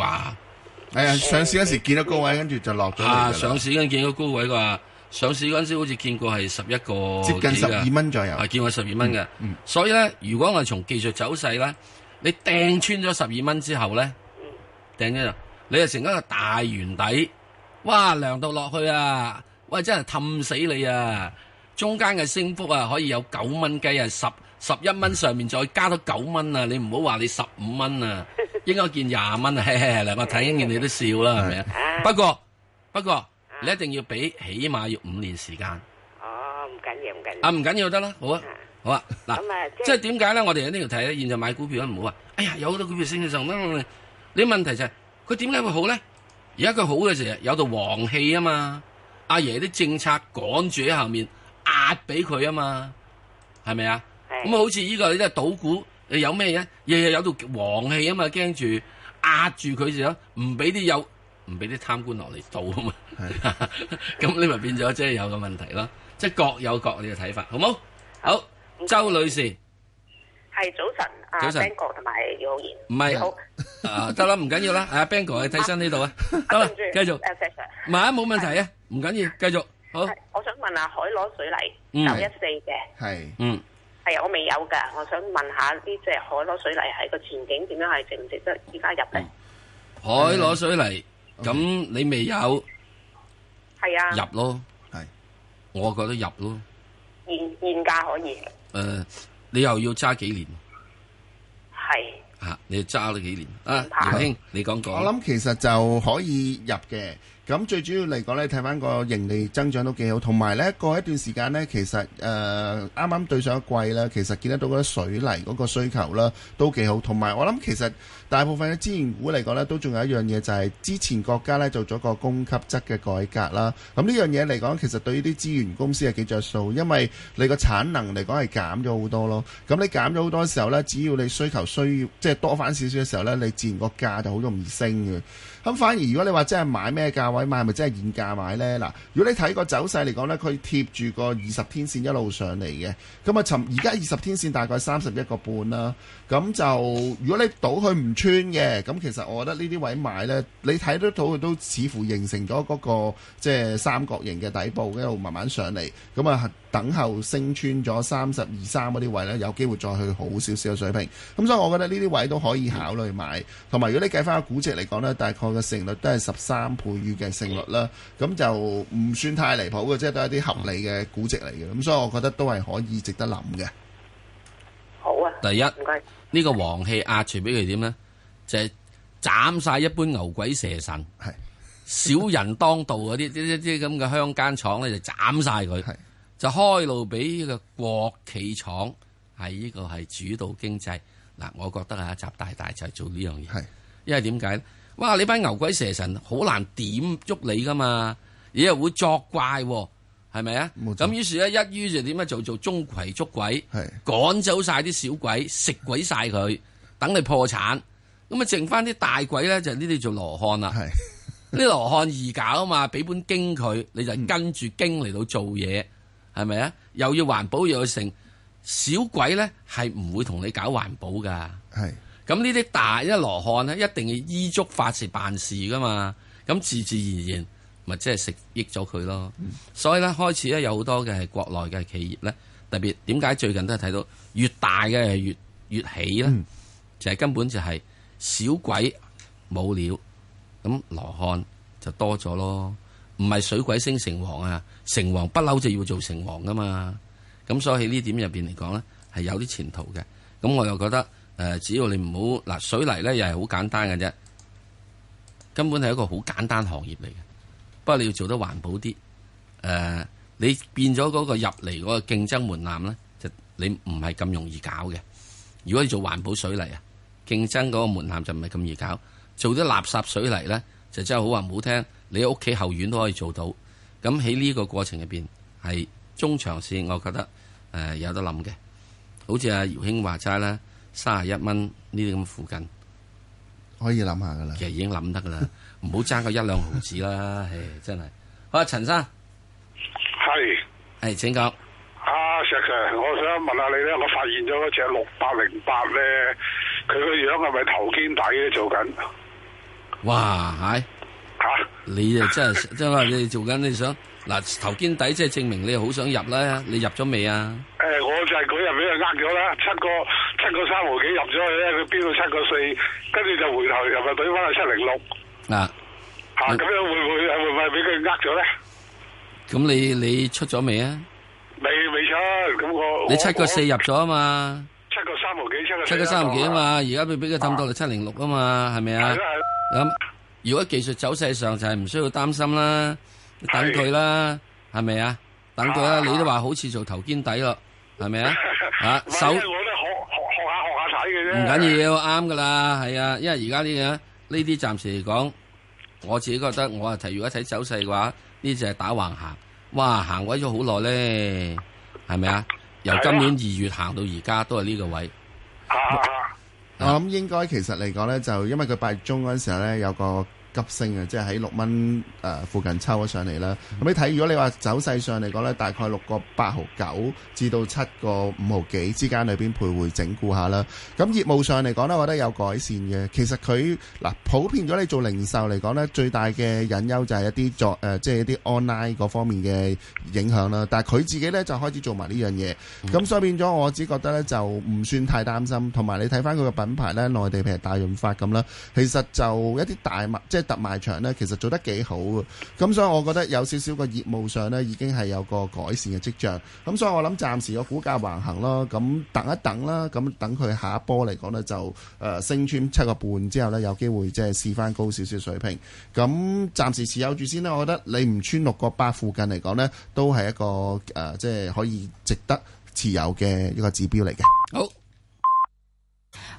係啊，上市嗰時見到高位，跟住就落咗啊，上市嗰陣見到高位啩，上市嗰陣時、啊、時、時好似見過係十一個接近十二蚊左右，啊見過十二蚊嘅。嗯嗯、所以咧，如果我從技術走勢咧，你掟穿咗十二蚊之後咧，掟咗、嗯，你就成一個大圓底，哇涼到落去啊！喂，真係氹死你啊！中間嘅升幅啊，可以有九蚊雞啊，十十一蚊上面再加多九蚊啊！你唔好話你十五蚊啊，應該見廿蚊啊。嚟我睇緊見，你都笑啦，係咪 啊不？不過不過，啊、你一定要俾起碼要五年時間。哦，唔緊要唔緊要啊，唔緊要得啦。好啊，好啊。嗱、啊，就是、 即係點解咧？我哋一定要睇啊，現在買股票都唔好話。哎呀，有好多股票升嘅上，候、嗯，你問題就係佢點解會好咧？而家佢好嘅時候有道黃氣啊嘛，阿爺啲政策趕住喺下面。壓俾佢啊嘛，係咪啊？咁好似呢個你真係賭股，你有咩嘢？日日有度黃氣啊嘛，驚住壓住佢住咯，唔俾啲有唔俾啲貪官落嚟賭啊嘛。咁你咪變咗即係有個問題咯，即係各有各你嘅睇法，好冇？好，周女士係早晨，早晨，阿 Bingo 同埋姚浩然，唔係好得啦，唔緊要啦，阿 Bingo 喺睇身呢度啊，得啦，繼續，唔係啊，冇問題啊，唔緊要，繼續。好，我想問下海螺水泥九一四嘅係，嗯，係我未有噶，我想問下呢隻海螺水泥係個前景點樣，係值唔值得而家入咧？海螺水泥咁你未有？係啊，入咯，係，我覺得入咯，現現價可以，誒，你又要揸幾年？係啊，你要揸咗幾年啊？阿兄，你講講，我諗其實就可以入嘅。咁最主要嚟講呢，睇翻個盈利增長都幾好，同埋呢過一段時間呢，其實誒啱啱對上一季啦，其實見得到嗰啲水泥嗰個需求啦，都幾好。同埋我諗其實大部分嘅資源股嚟講呢都仲有一樣嘢，就係之前國家呢做咗個供給側嘅改革啦。咁呢樣嘢嚟講，其實對於啲資源公司係幾着數，因為你個產能嚟講係減咗好多咯。咁你減咗好多嘅時候呢，只要你需求需要，即係多翻少少嘅時候呢，你自然個價就好容易升嘅。咁反而如果你話真係買咩價位買，係咪真係現價買呢？嗱，如果你睇個走勢嚟講呢，佢貼住個二十天線一路上嚟嘅，咁啊尋而家二十天線大概三十一個半啦。咁就如果你倒佢唔穿嘅，咁其實我覺得呢啲位買呢，你睇得到佢都似乎形成咗嗰個即係三角形嘅底部，一路慢慢上嚟。咁啊，等候升穿咗三十二三嗰啲位呢，有機會再去好少少嘅水平。咁所以，我覺得呢啲位都可以考慮買。同埋，如果你計翻個估值嚟講呢，大概嘅成率都係十三倍預嘅成率啦。咁就唔算太離譜嘅，即係都係一啲合理嘅估值嚟嘅。咁所以，我覺得都係可以值得諗嘅。第一個、啊、呢個皇氣壓住俾佢點咧，就係、是、斬晒一般牛鬼蛇神，係是小人當道嗰啲啲啲咁嘅鄉間廠咧就斬晒佢，是就開路俾呢個國企廠係呢個係主導經濟。嗱、啊，我覺得啊，習大大就係做呢樣嘢，是因為點解咧？哇！你班牛鬼蛇神好難點喐你噶嘛，你又會作怪喎、啊。係咪啊？咁錯於是咧，一於就點啊？做做鍾馗捉鬼，是趕走晒啲小鬼，食鬼晒佢，等你破產。咁啊，剩翻啲大鬼咧，就呢啲做羅漢啦。啲是 羅漢易搞啊嘛，俾本經佢，你就跟住經嚟到做嘢，係咪啊？又要環保，又要成小鬼咧，係唔會同你搞環保噶。係咁呢啲大一羅漢咧，一定要依足法事辦事噶嘛。咁自自然然。咪即係食益咗佢咯，嗯、所以咧開始咧有好多嘅係國內嘅企業咧，特別點解最近都係睇到越大嘅越越起咧，嗯、就係根本就係小鬼冇料，咁羅漢就多咗咯，唔係水鬼升城隍啊，城隍不嬲就要做城隍噶嘛，咁所以點面呢點入邊嚟講咧係有啲前途嘅，咁我又覺得誒、呃，只要你唔好嗱水泥咧，又係好簡單嘅啫，根本係一個好簡單行業嚟嘅。不過你要做得環保啲，誒、呃，你變咗嗰個入嚟嗰個競爭門檻咧，就你唔係咁容易搞嘅。如果你做環保水泥啊，競爭嗰個門檻就唔係咁易搞。做啲垃圾水泥咧，就真係好話唔好聽，你屋企後院都可以做到。咁喺呢個過程入邊，係中長線，我覺得誒、呃、有得諗嘅。好似阿、啊、姚興話齋啦，三十一蚊呢啲咁附近，可以諗下噶啦。其實已經諗得噶啦。 唔好爭個一兩毫子啦，真係。好啊，陳生，係，係，請教。阿石 Sir，我想問下你咧，我發現咗嗰隻六百零八咧，佢個樣係咪頭肩底咧做緊？哇，係吓、啊，你啊真係，即係話你做緊你想嗱頭肩底，即係證明你好想入啦。你入咗未啊？誒、呃，我就係嗰日俾人呃咗啦，七個七個三毫幾入咗去咧，佢標到七個四，跟住就回頭又咪懟翻去七零六。嗱，吓，咁樣會唔會係，會唔會俾佢呃咗咧？咁你你出咗未啊？未未出，咁我你七個四入咗啊嘛？七個三毫幾出啦。七個三毫幾啊嘛，而家俾俾佢浸到嚟七零六啊嘛，係咪啊？咁如果技術走勢上就係唔需要擔心啦，等佢啦，係咪啊？等佢啦，你都話好似做頭肩底咯，係咪啊？吓，手我咧學學學下學下睇嘅啫。唔緊要，啱噶啦，係啊，因為而家啲嘢。呢啲暫時嚟講，我自己覺得我啊提，如果睇走勢嘅話，呢隻係打橫行，哇行位咗好耐咧，係咪啊？由今年二月行到而家都係呢個位。啊，嗯，我諗應該其實嚟講咧，就因為佢八月中嗰陣時候咧有個。急升啊！即係喺六蚊誒附近抽咗上嚟啦。咁你睇，如果你話走勢上嚟講咧，大概六個八毫九至到七個五毫幾之間裏邊徘徊整固下啦。咁業務上嚟講咧，我覺得有改善嘅。其實佢嗱普遍咗，你做零售嚟講咧，最大嘅隱憂就係一啲作誒，即係一啲 online 嗰方面嘅影響啦。但係佢自己咧就開始做埋呢樣嘢，咁所以變咗我只覺得咧就唔算太擔心。同埋你睇翻佢嘅品牌咧，內地譬如大潤發咁啦，其實就一啲大物即係。特賣場呢，其實做得幾好嘅，咁所以我覺得有少少個業務上呢已經係有個改善嘅跡象。咁所以我諗暫時個股價橫行咯，咁等一等啦，咁等佢下一波嚟講呢，就、呃、誒升穿七個半之後呢，有機會即係試翻高少少水平。咁暫時持有住先啦，我覺得你唔穿六個八附近嚟講呢，都係一個誒，即、呃、係、就是、可以值得持有嘅一個指標嚟嘅。好。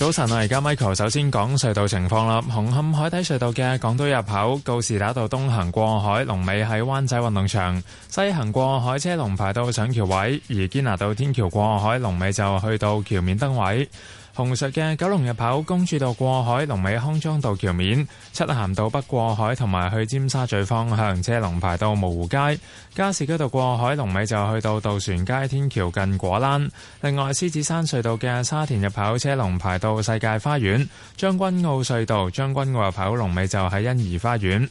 早晨啊，而家 Michael 首先講隧道情況啦。紅磡海底隧道嘅港島入口告士打道東行過海龍尾喺灣仔運動場，西行過海車龍排到上橋位；而堅拿道天橋過海龍尾就去到橋面燈位。紅隧嘅九龍入口，公主道過海龍尾，康莊道橋面，漆咸道北過海同埋去尖沙咀方向車龍排到蕪湖街，加士居道過海龍尾就去到渡船街天橋近果欄。另外，獅子山隧道嘅沙田入口車龍排到世界花園，將軍澳隧道將軍澳入口龍尾就喺欣怡花園。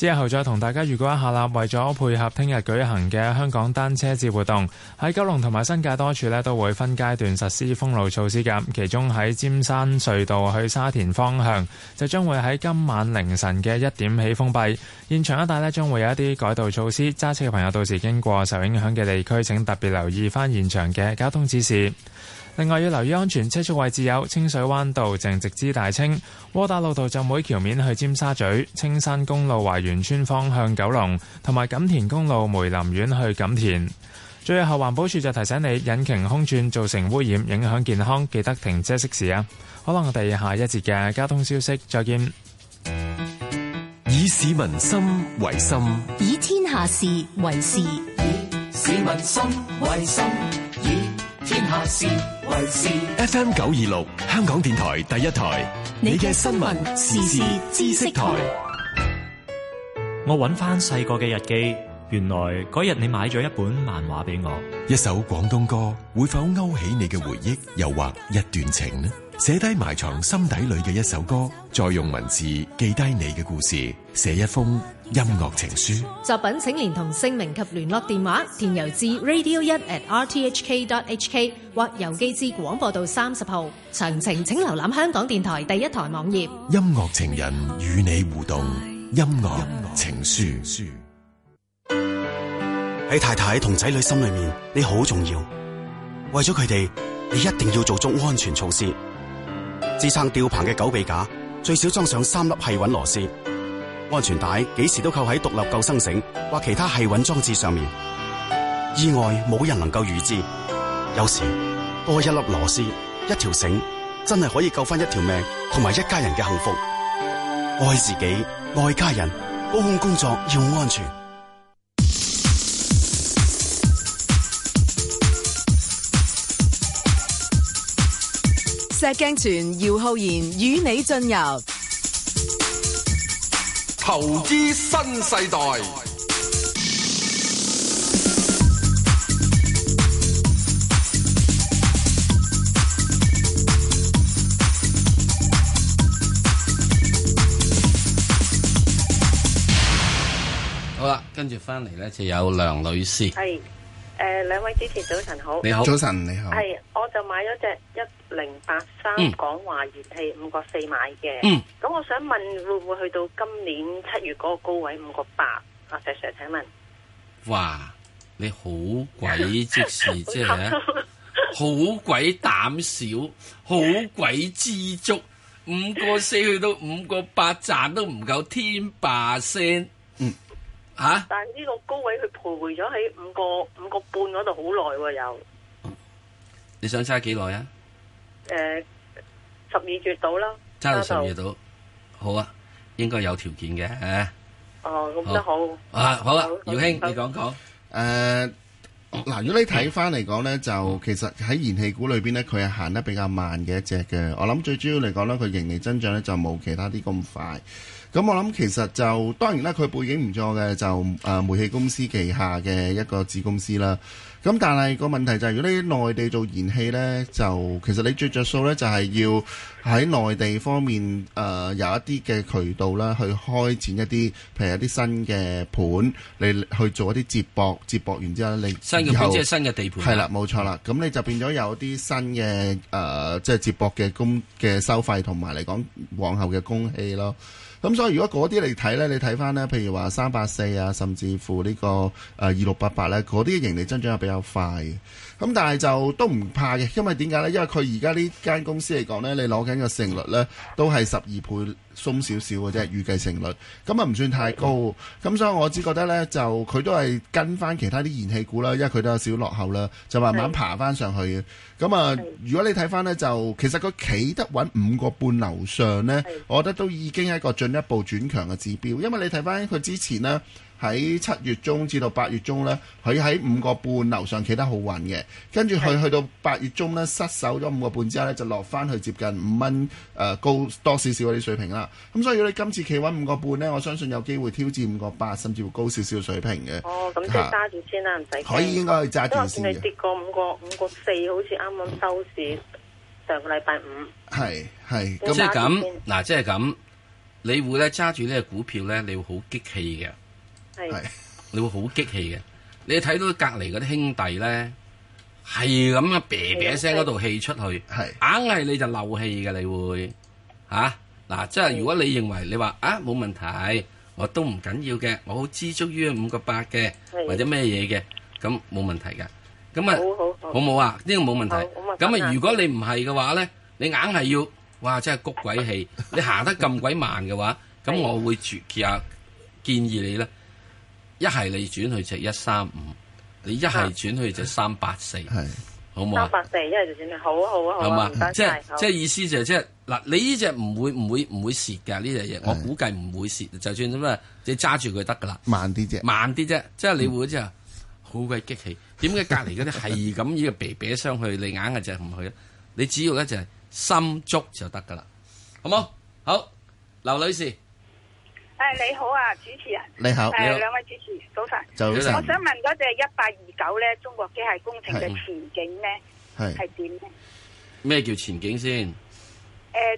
之後再同大家預告一下啦，為咗配合聽日舉行嘅香港單車節活動，喺九龍同埋新界多處咧都會分階段實施封路措施㗎。其中喺尖山隧道去沙田方向就將會喺今晚凌晨嘅一點起封閉，現場一帶咧將會有一啲改道措施，揸車嘅朋友到時經過受影響嘅地區，請特別留意返現場嘅交通指示。另外要留意安全車速位置，有清水灣道鄭直支大清、窩打老道浸會橋面去尖沙咀、青山公路懷源村方向九龍，同埋錦田公路梅林苑去錦田。最後環保署就提醒你引擎空轉造成污染，影響健康，記得停車熄匙啊！好啦，我哋下一節嘅交通消息，再見。以市民心為心，以天下事為事，以市民心為心。FM 九二六，26，香港電台第一台，你嘅新聞時事知識台。我揾翻細個嘅日記，原來嗰日你買咗一本漫畫俾我。一首廣東歌，會否勾起你嘅回憶，又或一段情呢？寫低埋藏心底裏嘅一首歌，再用文字記低你嘅故事，寫一封音樂情書。作品請連同姓名及聯絡電話電郵至 radio 一 at rthk dot hk 或郵寄至廣播道三十號。詳情請瀏覽香港電台第一台網頁。音樂情人與你互動，音樂情書。喺太太同仔女心裏面，你好重要。為咗佢哋，你一定要做足安全措施。支撐吊棚嘅狗臂架最少裝上三粒繫穩螺絲，安全帶幾時都扣喺獨立救生繩或其他繫穩裝置上面。意外冇人能夠預知，有時多一粒螺絲、一條繩，真係可以救翻一條命同埋一家人嘅幸福。愛自己，愛家人，高空工作要安全。石鏡泉，姚浩然與你進入投資新世代。好啦，跟住翻嚟咧，就有梁女士，係誒兩位主持，早晨好，你好，早晨你好，係我就買咗隻一，一。零八三港華燃氣五個四買嘅，咁、嗯嗯、我想問會唔會去到今年七月嗰個高位五個八？石 Sir，請問，哇，你好鬼即時，即係、 啊， 好鬼膽小， 好鬼知足，五個四去到五個八賺都唔夠天霸先，嗯，吓、啊，但呢個高位佢徘徊咗喺五個五個半嗰度好耐又，你想差幾耐啊？誒，十二、嗯、月到啦，差到十二月到，好啊，應該有條件嘅，吓。哦，咁都好。啊，哦、好啦，姚兄、啊，慧好你講講。誒，嗱、呃，如果你睇翻嚟講咧，就其實喺燃氣股裏邊咧，佢係行得比較慢嘅一隻嘅。我諗最主要嚟講咧，佢盈利增長咧就冇其他啲咁快。咁我諗其實就當然啦，佢背景唔錯嘅，就誒，煤氣公司旗下嘅一個子公司啦。咁但係個問題就係，如果你內地做燃氣咧，就其實你最着數咧就係要。喺內地方面，誒、呃、有一啲嘅渠道啦，去開展一啲，譬如一啲新嘅盤，你去做一啲接駁，接駁完之後，你後新嘅盤即係後新嘅地盤，係啦，冇錯啦。咁 你就變咗有啲新嘅誒，即、呃、係、就是、接駁嘅工嘅收費同埋嚟講往後嘅工期咯。咁、嗯、所以如果嗰啲嚟睇咧，你睇翻咧，譬如話三八四啊，甚至乎呢、這個誒二六八八咧，嗰啲盈利增長又比較快。咁、嗯、但係就都唔怕嘅，因為點解咧？因為佢而家呢間公司嚟講咧，你攞。你嘅成率呢，都係十二倍鬆少少嘅啫，預計成率，咁啊唔算太高，咁的所以我只覺得呢，就佢都係跟翻其他啲燃氣股啦，因為佢都有少少落後啦，就慢慢爬翻上去嘅，咁啊，如果你睇翻呢，就其實佢企得穩五個半樓上呢，的我覺得都已經係一個進一步轉強嘅指標，因為你睇翻佢之前呢。喺七月中至到八月中咧，佢喺五個半樓上企得好穩嘅。跟住佢去到八月中咧，失守咗五個半之後咧，就落翻去接近五蚊誒、呃、高多少少嗰啲水平啦。咁、嗯、所以你今次企穩五個半咧，我相信有機會挑戰五個八，甚至會高少少水平嘅。哦，咁即係揸住先啦，唔使。可以應該去揸住先。你跌過五個五個四，好似啱啱收市上個禮拜五。係係、嗯，即係咁嗱，即係咁，你會咧揸住呢個股票咧，你會好激氣嘅。係，你會好激氣嘅。你睇到隔離嗰啲兄弟咧，係咁啊，啤啤聲嗰度氣出去，係，硬係你就漏氣嘅，你會嚇嗱、啊啊。即係如果你認為的你話啊冇問題，我都唔緊要嘅，我好知足於五個八嘅，的或者咩嘢嘅，咁冇問題㗎。咁啊，好冇啊，呢、呢個冇問題。咁啊，如果你唔係嘅話咧，你硬係要哇，真係谷鬼氣，你行得咁鬼慢嘅話，咁 我會住其實建議你咧。一係你轉去就一三五，你一係轉去就三八四、啊、嗎三八四，好唔好啊？三八四一係就轉去，好啊好啊好即係即係意思就係、即係嗱，你呢隻唔會唔會唔會蝕嘅呢隻嘢，的我估計唔會蝕，就算咁啊，你揸住佢得噶啦。慢啲啫，慢啲啫，即係你會、嗯、即係好鬼激氣，點解隔籬嗰啲係咁呢個鼻鼻上去， 你硬係就唔去啊？你只要咧就係心足就得噶啦，好冇？好，劉女士。誒，你好啊，主持人。你好。誒，兩位主持，早晨。早晨。我想問嗰隻一八二九咧，中國機械工程嘅前景咧係係點咧？咩叫前景先？誒，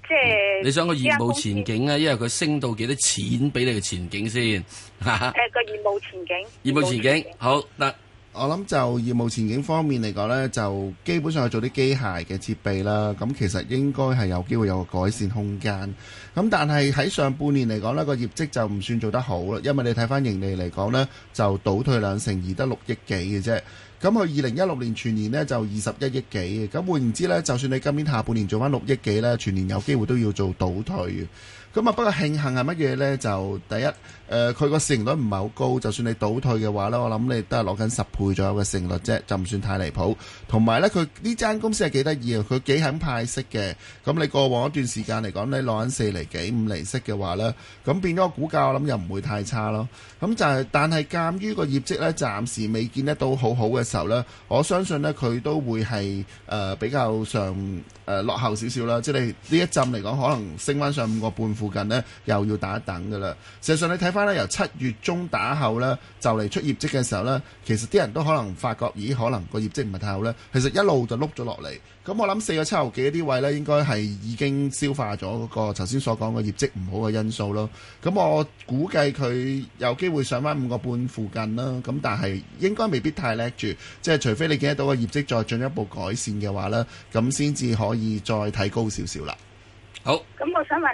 即係。你想個業務前景啊？因為佢升到幾多錢俾你嘅前景先？誒，個業務前景。業務前景好得。我諗就業務前景方面嚟講呢，就基本上係做啲機械嘅設備啦。咁其實應該係有機會有個改善空間。咁但係喺上半年嚟講呢個業績就唔算做得好啦。因為你睇翻盈利嚟講呢，就倒退兩成，而得六億幾嘅啫。咁佢二零一六年全年呢，就二十一億幾嘅。咁換言之呢，就算你今年下半年做翻六億幾呢，全年有機會都要做倒退咁啊，不過慶幸係乜嘢呢？就第一。誒佢個市盈率唔係好高，就算你倒退嘅話呢，我諗你都係攞緊十倍左右嘅勝率啫，就唔算太離譜。同埋呢，佢呢間公司係幾得意啊。佢幾肯派息嘅，咁你過往一段時間嚟講，你攞緊四厘幾、五厘息嘅話呢，咁變咗個股價，我諗又唔會太差咯。咁就係、是，但係鑑於個業績呢，暫時未見得到好好嘅時候呢，我相信呢，佢都會係誒、呃、比較上誒、呃、落後少少啦。即係呢一陣嚟講，可能升翻上五個半附近呢，又要打一等嘅啦。事實上你睇翻。由七月中打後咧就嚟出業績嘅時候呢，其實啲人都可能發覺，咦？可能個業績唔係太好呢。其實一路就碌咗落嚟。咁我諗四個七號幾啲位呢，應該係已經消化咗嗰個頭先所講嘅業績唔好嘅因素咯。咁我估計佢有機會上翻五個半附近啦。咁但係應該未必太叻住，即係除非你見得到個業績再進一步改善嘅話呢，咁先至可以再提高少少啦。好。咁我想問。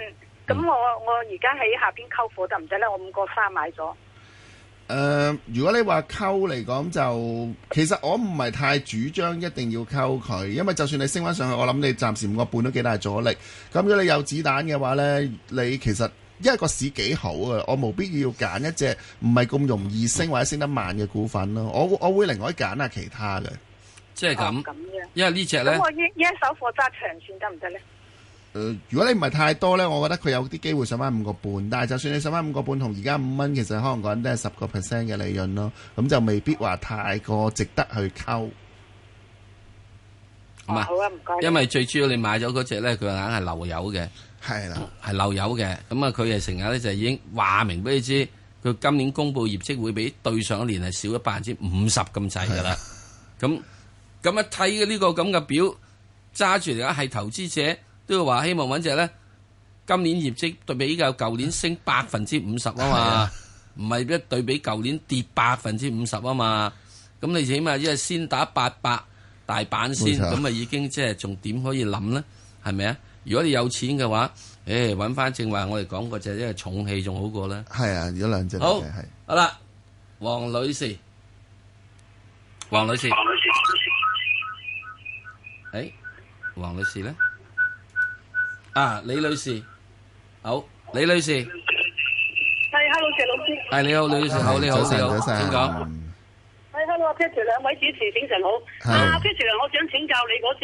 咁、嗯、我我而家喺下邊溝貨得唔得咧？我五個三買咗。誒、呃，如果你話溝嚟講，就其實我唔係太主張一定要溝佢，因為就算你升翻上去，我諗你暫時五個半都幾大阻力。咁如果你有子彈嘅話咧，你其實因為個市幾好啊，我無必要揀一隻唔係咁容易升，嗯、或者升得慢嘅股份咯。我我會另外揀下其他嘅，即係咁，因為隻呢隻咧，我依依一手貨揸長線得唔得咧？呃、如果你唔係太多呢，我覺得佢有啲機會上翻五個半。但係就算你上翻五個半同而家五蚊，其實可能個人都係十個 percent 嘅利潤咯。咁就未必話太過值得去溝、啊啊。好啊，唔該。因為最主要你買咗嗰隻呢，佢硬係漏油嘅，係啦，係漏油嘅。咁啊，佢啊成日呢，嗯、就已經話明俾你知，佢今年公布業績會比對上年、啊啊、一年係少咗百分之五十咁滯噶啦。咁咁一睇呢個咁嘅表，揸住嚟講係投資者。都要話希望揾隻咧，今年業績對比較舊年升百分之五十啊嘛，唔係一對比舊年跌百分之五十啊嘛，咁你起碼一係先打八百大板先，咁啊已經即係仲點可以諗咧？係咪啊？如果你有錢嘅話，誒，揾翻正話我哋講過隻，因為重氣仲好過咧。係啊，有兩隻。好，係好啦，黃女士，黃女士，黃女士，誒，黃女士咧？啊，李女士，好，李女士，係，Hello，石老師，係、哎、你好，李女士，好，你好，你好，好請講，係 Hello，Patrick 兩位主持，請神好，好啊 Patrick 我想請教你嗰隻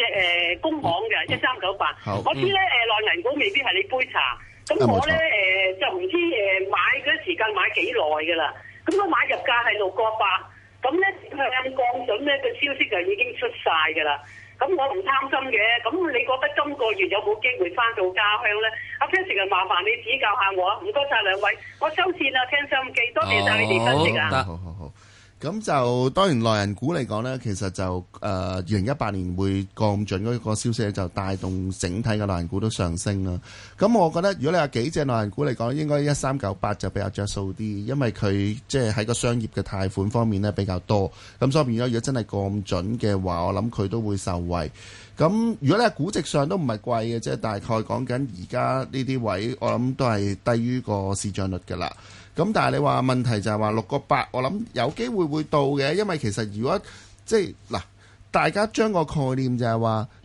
誒工行嘅一三九八，我知咧誒內銀股未必係你杯茶，咁我咧誒、呃、就唔知誒買嗰啲時間買幾耐噶啦，咁我買入價係六個八，咁咧向降準咧個消息就已經出晒噶啦。咁、嗯、我唔貪心嘅，咁、嗯、你覺得今個月有冇機會翻到家鄉咧？阿 n 成日麻煩你指教下我啊，唔該晒兩位，我收線啦，聽心幾多謝晒、哦、你哋分析啊。好，好好。咁就當然內銀股嚟講呢，其實就誒二零一八年會降準嗰、那個消息就帶動整體嘅內銀股都上升啦。咁我覺得如果你有幾隻內銀股嚟講，應該一三九八就比較着數啲，因為佢即係喺個商業嘅貸款方面呢，比較多。咁所以變咗，如果真係降準嘅話，我諗佢都會受惠。咁如果你話估值上都唔係貴嘅，即係大概講緊而家呢啲位，我諗都係低於個市賬率㗎喇。咁但係你話問題就係話六個八，8，我諗有機會會到嘅，因為其實如果即係嗱，大家將個概念就係話。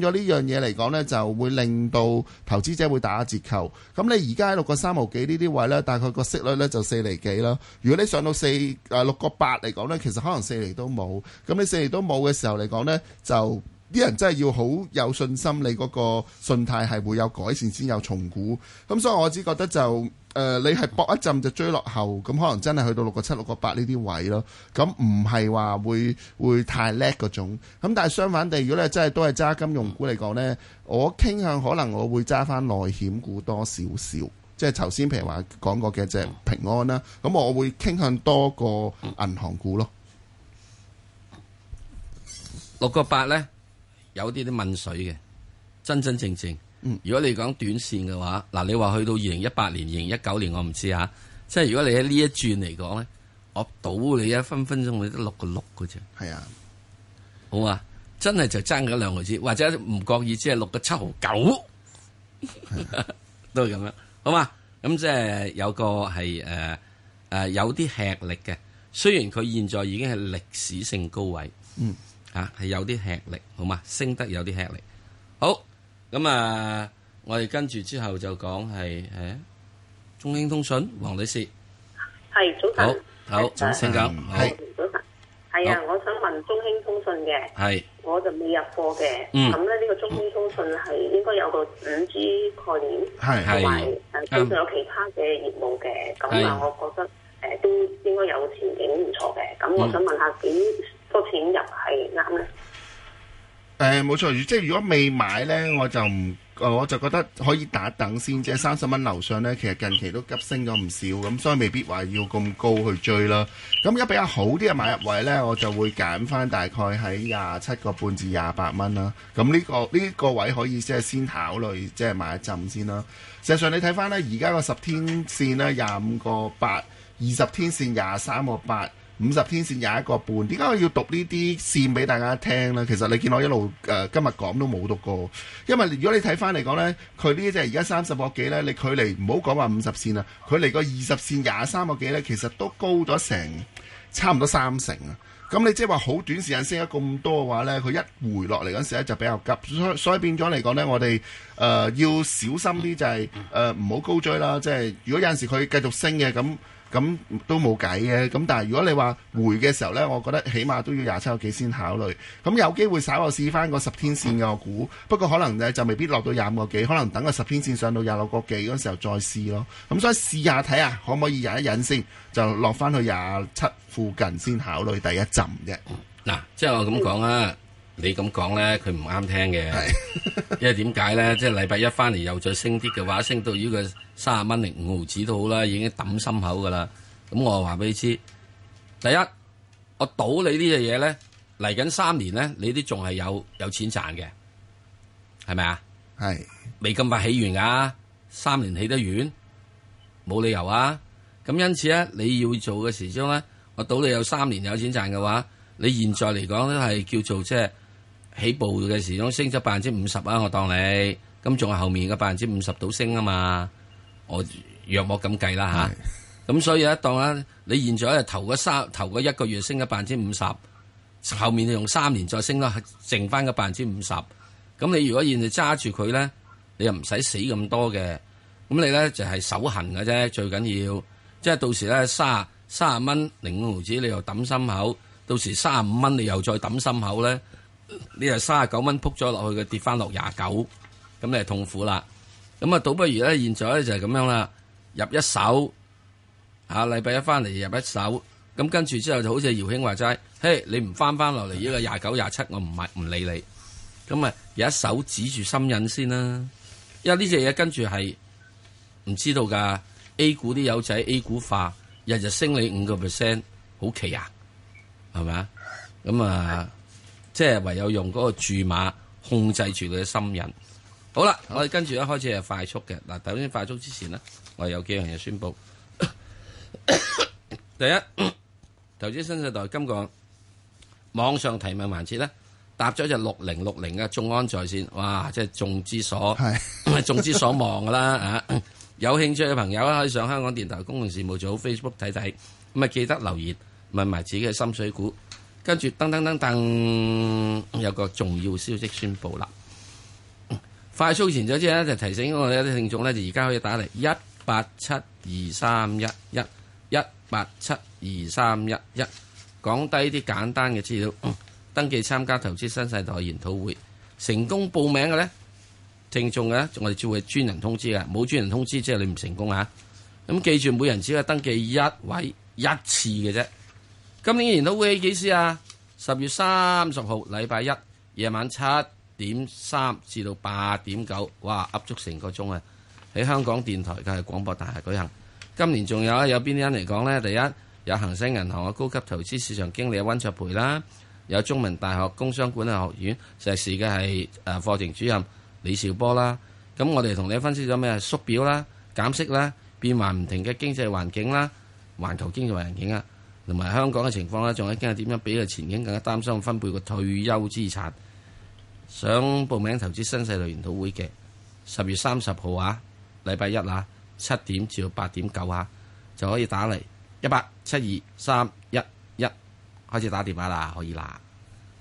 咁呢樣嘢嚟講呢，就會令到投資者會打折扣。咁你而家喺六個三毫幾呢啲位呢，大概個息率呢就四厘幾啦。如果你上到四誒六個八嚟講呢，其實可能四厘都冇。咁你四厘都冇嘅時候嚟講呢，就。啲人真係要好有信心，你嗰個信貸係會有改善先有重估。咁、嗯、所以我只覺得就誒、呃，你係搏一陣就追落後，咁、嗯、可能真係去到六個七、六個八呢啲位咯。咁唔係話會會太叻嗰種。咁、嗯、但係相反地，如果你真係都係揸金融股嚟講呢，我傾向可能我會揸翻內險股多少少，即係頭先譬如話講過嘅隻平安啦。咁、嗯嗯、我會傾向多個銀行股咯。六個八呢？有啲啲問水嘅，真真正正，正、嗯如啊。如果你講短線嘅話，嗱，你話去到二零一八年、二零一九年，我唔知吓。即係如果你喺呢一轉嚟講咧，我賭你一分分鐘你都六個六嘅啫。係啊，好啊，真係就爭咗兩個字，或者唔覺意只係六個七毫九， 都係咁樣，好嘛？咁即係有個係誒誒有啲吃力嘅，雖然佢現在已經係歷史性高位，嗯。啊，係有啲吃力，好嘛？升得有啲吃力。好，咁啊，我哋跟住之後就講係係中興通訊，黃女士。係，早晨。好，早晨，請講。係，早晨。係啊，我想問中興通訊嘅。係。我就未入貨嘅。嗯。咁咧，呢個中興通訊係應該有個五 G 概念，係係，同埋誒都有其他嘅業務嘅，咁啊，我覺得誒都應該有前景唔錯嘅。咁我想問下點？個錢入係啱啦。誒、嗯，冇錯，即係如果未買呢，我就唔，我就覺得可以打等先。即係三十蚊樓上呢，其實近期都急升咗唔少，咁所以未必話要咁高去追啦。咁而家比較好啲嘅買入位呢，我就會揀翻大概喺廿七個半至廿八蚊啦。咁呢、呢個呢、呢個位可以即係先考慮，即係買一浸先啦。實際上你睇翻呢，而家個十天線呢，廿五個八，二十天線廿三個八。五十天線廿一個半，點解我要讀呢啲線俾大家聽呢？其實你見我一路誒、呃、今日講都冇讀過，因為如果你睇翻嚟講呢，佢呢隻而家三十個幾呢，你距離唔好講話五十線啦，距離個二十線廿三個幾呢，其實都高咗成差唔多三成啊！咁你即係話好短時間升咗咁多嘅話呢，佢一回落嚟嗰時咧就比較急，所以所以變咗嚟講呢，我哋誒、呃、要小心啲就係誒唔好高追啦，即係如果有陣時佢繼續升嘅咁。咁都冇計嘅，咁但係如果你話回嘅時候呢，我覺得起碼都要廿七個幾先考慮。咁有機會稍後試翻個十天線嘅我估，不過可能咧就未必落到廿五個幾，可能等個十天線上到廿六個幾嗰時候再試咯。咁所以試下睇下可唔可以忍一忍先，就落翻去廿七附近先考慮第一浸啫。嗱，啊，即係我咁講啊。你咁講咧，佢唔啱聽嘅，因為點解咧？即係禮拜一翻嚟又再升啲嘅話，升到如果個三十蚊零五毫子都好啦，已經揼心口噶啦。咁我話俾你知，第一，我賭你呢隻嘢咧嚟緊三年咧，你啲仲係有有錢賺嘅，係咪啊？係，未咁快起完㗎，三年起得完，冇理由啊。咁因此咧，你要做嘅時候咧，我賭你有三年有錢賺嘅話，你現在嚟講都係叫做即係。.起步嘅時鐘升咗百分之五十啊！我當你咁仲係後面嘅百分之五十到升啊嘛，我約莫咁計啦嚇。咁是、啊、所以咧，當咧你現在咧頭嗰三頭嗰一個月升咗百分之五十，後面你用三年再升咯，剩翻個百分之五十。咁你如果現在揸住佢咧，你又唔使死咁多嘅。咁你咧就係、是、手痕嘅啫，最緊要。即係到時咧三三啊蚊零五毫子，30, 30 0, 你又揼心口；到時三啊五蚊，你又再揼心口咧。呢係三十九蚊撲咗落去，佢跌翻落廿九，咁你痛苦啦。咁啊，倒不如咧，現在咧就係咁樣啦，入一手，下禮拜一翻嚟入一手，咁跟住之後就好似姚兄話齋，嘿，你唔翻翻落嚟呢個廿九廿七，29, 27, 我唔係唔理你。咁啊，有一手指住心癮先啦。因為呢隻嘢跟住係唔知道噶，A 股啲友仔 A 股化，日日升你五個 percent，好奇啊，係咪啊？咁啊。即係唯有用嗰個注碼控制住佢嘅心癮。好啦，好，我哋跟住一開始係快速嘅。嗱，頭先快速之前呢，我有幾樣嘢宣佈。 第一，投資新世代今個網上提問環節咧，答咗隻六零六零嘅眾安在線。哇，即係眾之所， 眾之所望噶啦嚇。 有興趣嘅朋友可以上香港電台公共事務組 Facebook 睇睇。咁啊，記得留言問埋自己嘅心水股。跟住噔噔噔噔，有個重要消息宣佈啦、嗯！快速前咗之後咧，就提醒我哋啲聽眾咧，就而家可以打嚟一八七二三一一一八七二三一一，講低啲簡單嘅資料、嗯，登記參加投資新世代研討會，成功報名嘅咧，聽眾咧，我哋會專人通知嘅，冇專人通知即係你唔成功啊！咁記住，每人只係登記一位一次嘅啫。今年年度會係幾時啊？十月三十號，禮拜一夜晚七點三至到八點九，哇，噏足成個鐘啊！喺香港電台嘅、就是、廣播大廈舉行。今年仲有有邊啲人嚟講呢？第一有恒生銀行嘅高級投資市場經理温卓培啦，有中文大學工商管理學院碩士嘅係誒課程主任李兆波啦。咁我哋同你分析咗咩？縮表啦，減息啦，變幻唔停嘅經濟環境啦，環球經濟環境啊！同埋香港嘅情況啦，仲喺驚點樣比較前景更加擔心分配個退休資產，想報名投資新世代研討會嘅，十月三十號啊，禮拜一啊，七點至到八點九啊，就可以打嚟一八七二三一一開始打電話啦，可以啦，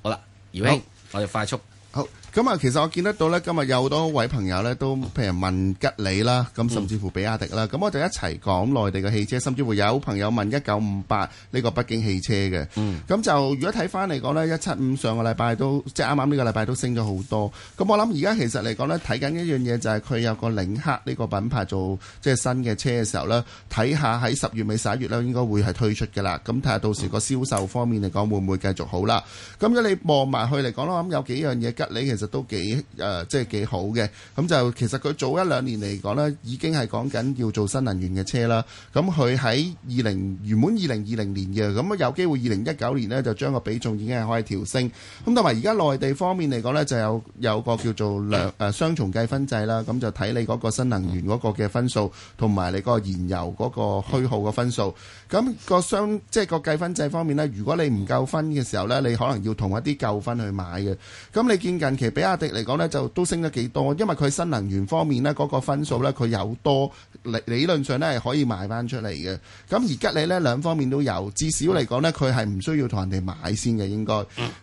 好啦，姚兄，好我哋快速好。咁啊，其實我見得到咧，今日有好多位朋友咧，都譬如問吉利啦，咁甚至乎比亞迪啦，咁我哋一齊講內地嘅汽車，甚至乎有朋友問一九五八呢個北京汽車嘅。嗯。咁就如果睇翻嚟講咧，一七五上個禮拜都即係啱啱呢個禮拜都升咗好多。咁我諗而家其實嚟講咧，睇緊一樣嘢就係佢有個領克呢個品牌做即係新嘅車嘅時候咧，睇下喺十月尾十一月咧應該會係推出㗎喇。咁睇下到時個銷售方面嚟講會唔會繼續好啦。咁如果你望埋去嚟講咯，我諗有幾樣嘢吉利其實。都幾誒、呃，即係幾好嘅。咁就其實佢早一兩年嚟講呢，已經係講緊要做新能源嘅車啦。咁佢喺二零原本二零二零年嘅，咁有機會二零一九年呢，就將個比重已經係可以調升。咁同埋而家內地方面嚟講呢，就有有個叫做兩誒雙重計分制啦。咁就睇你嗰個新能源嗰個嘅分數，同埋你嗰個燃油嗰個虛耗嘅分數。咁個商即係個計分制方面呢，如果你唔夠分嘅時候呢，你可能要同一啲夠分去買嘅。咁你見近期比亞迪嚟講呢，就都升得幾多，因為佢新能源方面呢嗰個分數呢，佢有多理理論上呢係可以賣翻出嚟嘅。咁而吉利呢兩方面都有，至少嚟講呢佢係唔需要同人哋買先嘅應該。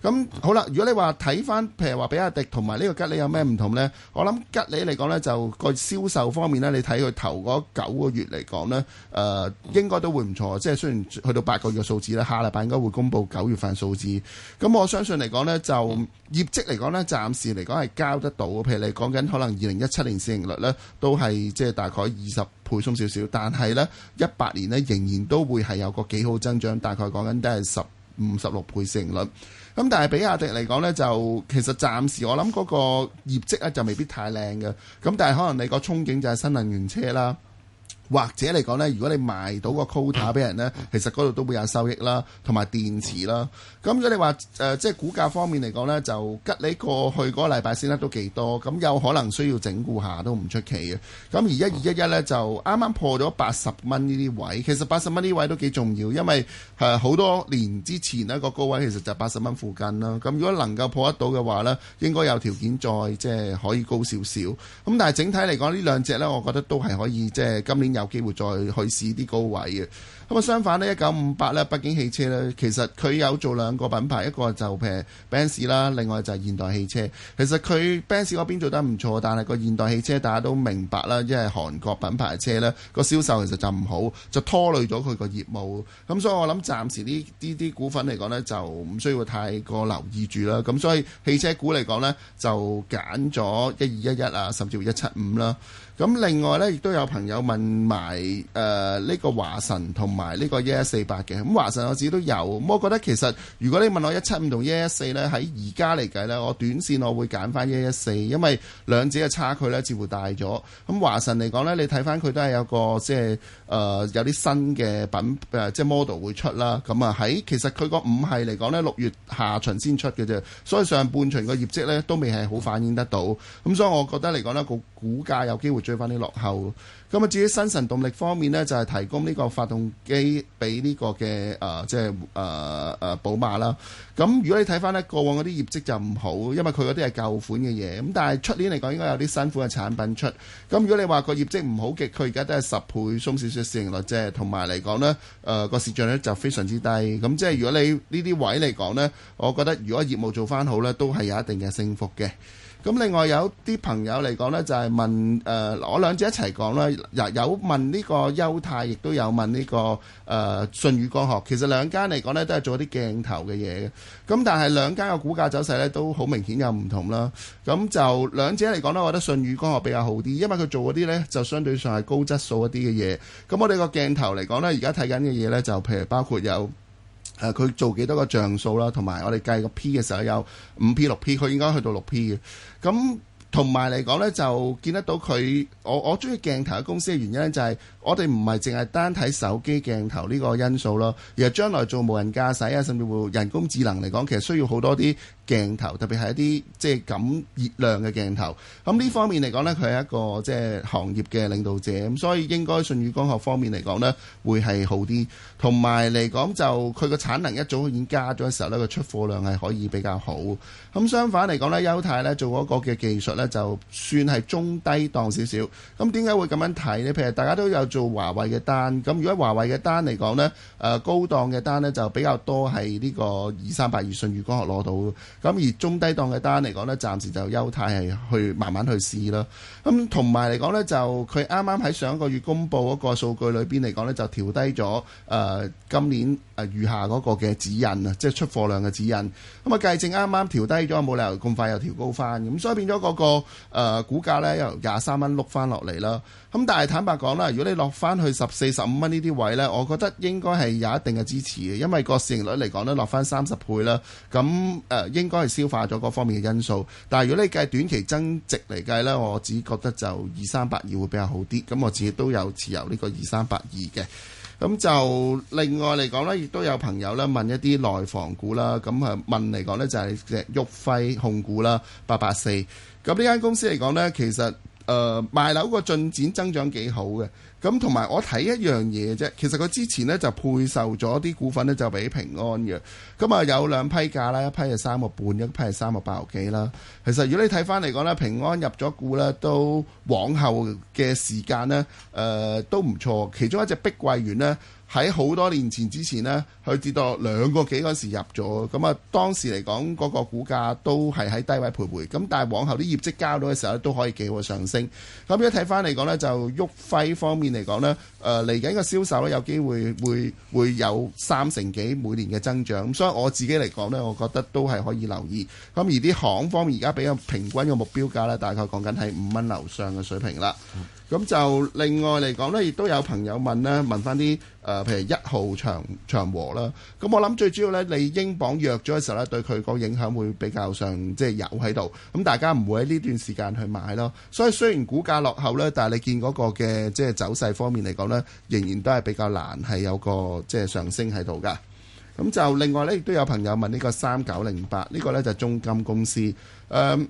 咁好啦，如果你話睇翻，譬如話比亞迪同埋呢個吉利有咩唔同呢？我諗吉利嚟講呢就個銷售方面呢，你睇佢頭嗰九個月嚟講呢，誒應該都會唔錯。即係雖然去到八個月嘅數字咧，下禮拜應該會公布九月份數字。咁我相信嚟講呢，就業績嚟講呢，暫時嚟講係交得到。譬如你講緊可能二零一七年市盈率呢，都係即係大概二十倍鬆少少。但係呢，一八年呢，仍然都會係有個幾好增長，大概講緊都係十五十六倍市盈率。咁但係比亞迪嚟講呢，就其實暫時我諗嗰個業績呢，就未必太靚嘅。咁但係可能你個憧憬就係新能源車啦。或者嚟講呢，如果你賣到個 quota 俾人呢，其實嗰度都會有收益啦，同埋電池啦。咁如果你話誒、呃，即係股價方面嚟講呢，就吉你過去嗰個禮拜先得都幾多，咁有可能需要整固下都唔出奇嘅。咁而一二一一呢，就啱啱破咗八十蚊呢啲位，其實八十蚊呢位都幾重要，因為誒好、呃、多年之前呢個高位其實就八十蚊附近啦。咁如果能夠破得到嘅話呢，應該有條件再即係可以高少少。咁但係整體嚟講，呢兩隻呢，我覺得都係可以即係今年有。有機會再去試啲高位嘅。咁啊相反呢，一九五八咧，1958，北京汽車咧，其實佢有做兩個品牌，一個就 b 誒奔馳啦，另外就係現代汽車。其實佢 b 奔馳嗰邊做得唔錯，但係個現代汽車大家都明白啦，因為韓國品牌車咧個銷售其實就唔好，就拖累咗佢個業務。咁所以我諗暫時呢呢啲股份嚟講咧，就唔需要太過留意住啦。咁所以汽車股嚟講咧，就揀咗一二一一啊，甚至乎一七五啦。咁另外咧，亦都有朋友問埋誒呢個華晨同埋呢個一一四八嘅。咁華晨我自己都有。咁我覺得其實如果你問我一七五同一一四咧，喺而家嚟計咧，我短線我會揀翻一一四，因為兩者嘅差距咧似乎大咗。咁華晨嚟講咧，你睇翻佢都係有個即係。誒、呃、有啲新嘅品誒、呃、即係 model 會出啦，咁啊喺其實佢個五系嚟講咧，六月下旬先出嘅啫，所以上半旬嘅業績咧都未係好反映得到，咁、嗯、所以我覺得嚟講呢，個股價有機會追翻啲落後。咁啊至於新神動力方面呢就係、是、提供呢個發動機俾呢個嘅誒、呃，即係誒誒寶馬啦。咁、啊、如果你睇翻呢，過往嗰啲業績就唔好，因為佢嗰啲係舊款嘅嘢。咁但係出年嚟講，應該有啲新款嘅產品出。咁、啊、如果你話個業績唔好嘅，佢而家都係十倍鬆少少市盈率即啫，同埋嚟講呢誒個、呃、市賬率就非常之低。咁、啊、即係如果你呢啲位嚟講呢我覺得如果業務做翻好呢，都係有一定嘅升幅嘅。咁另外有啲朋友嚟講呢，就係、是、問誒、呃，我兩者一齊講啦，有有問呢個優泰，亦都有問呢、這個誒舜宇光學。其實兩間嚟講呢，都係做一啲鏡頭嘅嘢嘅。咁但係兩間嘅股價走勢呢，都好明顯有唔同啦。咁就兩者嚟講呢，我覺得舜宇光學比較好啲，因為佢做嗰啲呢，就相對上係高質素一啲嘅嘢。咁我哋個鏡頭嚟講呢，而家睇緊嘅嘢呢，就譬如包括有。誒佢做幾多個像素啦，同埋我哋計個 P 嘅時候有五 P 六 P，佢應該去到六 P 嘅。咁同埋嚟講咧，就見得到佢，我我中意鏡頭嘅公司嘅原因咧，就係我哋唔係淨係單睇手機鏡頭呢個因素咯，而係將來做無人駕駛啊，甚至乎人工智能嚟講，其實需要好多啲。鏡頭特別係一啲即係感熱量嘅鏡頭，咁呢方面嚟講呢，佢係一個即係行業嘅領導者，咁所以應該舜宇光學方面嚟講呢會係好啲。同埋嚟講就佢個產能一早已經加咗嘅時候呢，個出貨量係可以比較好。咁相反嚟講呢優泰呢做嗰個嘅技術呢，就算係中低檔少少。咁點解會咁樣睇呢？譬如大家都有做華為嘅單，咁如果華為嘅單嚟講呢誒高檔嘅單呢，就比較多係呢個二三八二舜宇光學攞到。咁而中低檔嘅單嚟講咧，暫時就優貸係去慢慢去試啦。咁同埋嚟講咧，就佢啱啱喺上一個月公布嗰個數據裏邊嚟講咧，就調低咗誒、呃、今年誒、呃、餘下嗰個嘅指引啊，即係出貨量嘅指引。咁啊計正啱啱調低咗，冇理由咁快又調高翻。咁所以變咗嗰、嗰個誒、呃、股價呢，由廿三蚊碌翻落嚟啦。咁但係坦白講啦，如果你落翻去十四十五蚊呢啲位呢，我覺得應該係有一定嘅支持嘅，因為個市盈率嚟講咧落翻三十倍啦，咁誒、呃、應該係消化咗嗰方面嘅因素。但係如果你計短期增值嚟計呢，我自己覺得就二三八二會比較好啲。咁我自己都有持有呢個二三八二嘅。咁就另外嚟講咧，亦都有朋友咧問一啲內房股啦，咁啊問嚟講呢，就係隻旭輝控股啦，八八四。咁呢間公司嚟講呢，其實。誒、呃、賣樓個進展增長幾好嘅，咁同埋我睇一樣嘢啫。其實佢之前呢，就配售咗啲股份呢，就俾平安嘅。咁、嗯、啊有兩批價啦，一批係三個半，一批係三個八毫幾啦。其實如果你睇翻嚟講咧，平安入咗股咧，都往後嘅時間呢，誒、呃、都唔錯。其中一隻碧桂園呢。喺好多年前之前呢，佢跌到兩個幾嗰時入咗，咁啊當時嚟講嗰個股價都係喺低位徘徊，咁但係往後啲業績交到嘅時候都可以幾好上升。咁一睇返嚟講呢，就旭輝方面嚟講呢，誒嚟緊嘅銷售呢，有機會會會，會有三成幾每年嘅增長，咁所以我自己嚟講呢，我覺得都係可以留意。咁而啲行方面而家比較平均嘅目標價呢，大概講緊喺五蚊樓上嘅水平啦。咁就另外嚟講呢，亦都有朋友問呢，問返啲誒，譬如一號長長和啦。咁我諗最主要呢，你英鎊弱咗嘅時候呢，對佢個影響會比較上即係有喺度。咁大家唔會喺呢段時間去買咯。所以雖然股價落後呢，但係你見嗰個嘅即係走勢方面嚟講呢，仍然都係比較難係有個即係上升喺度㗎。咁就另外呢，亦都有朋友問呢個三九零八呢個呢就中金公司誒。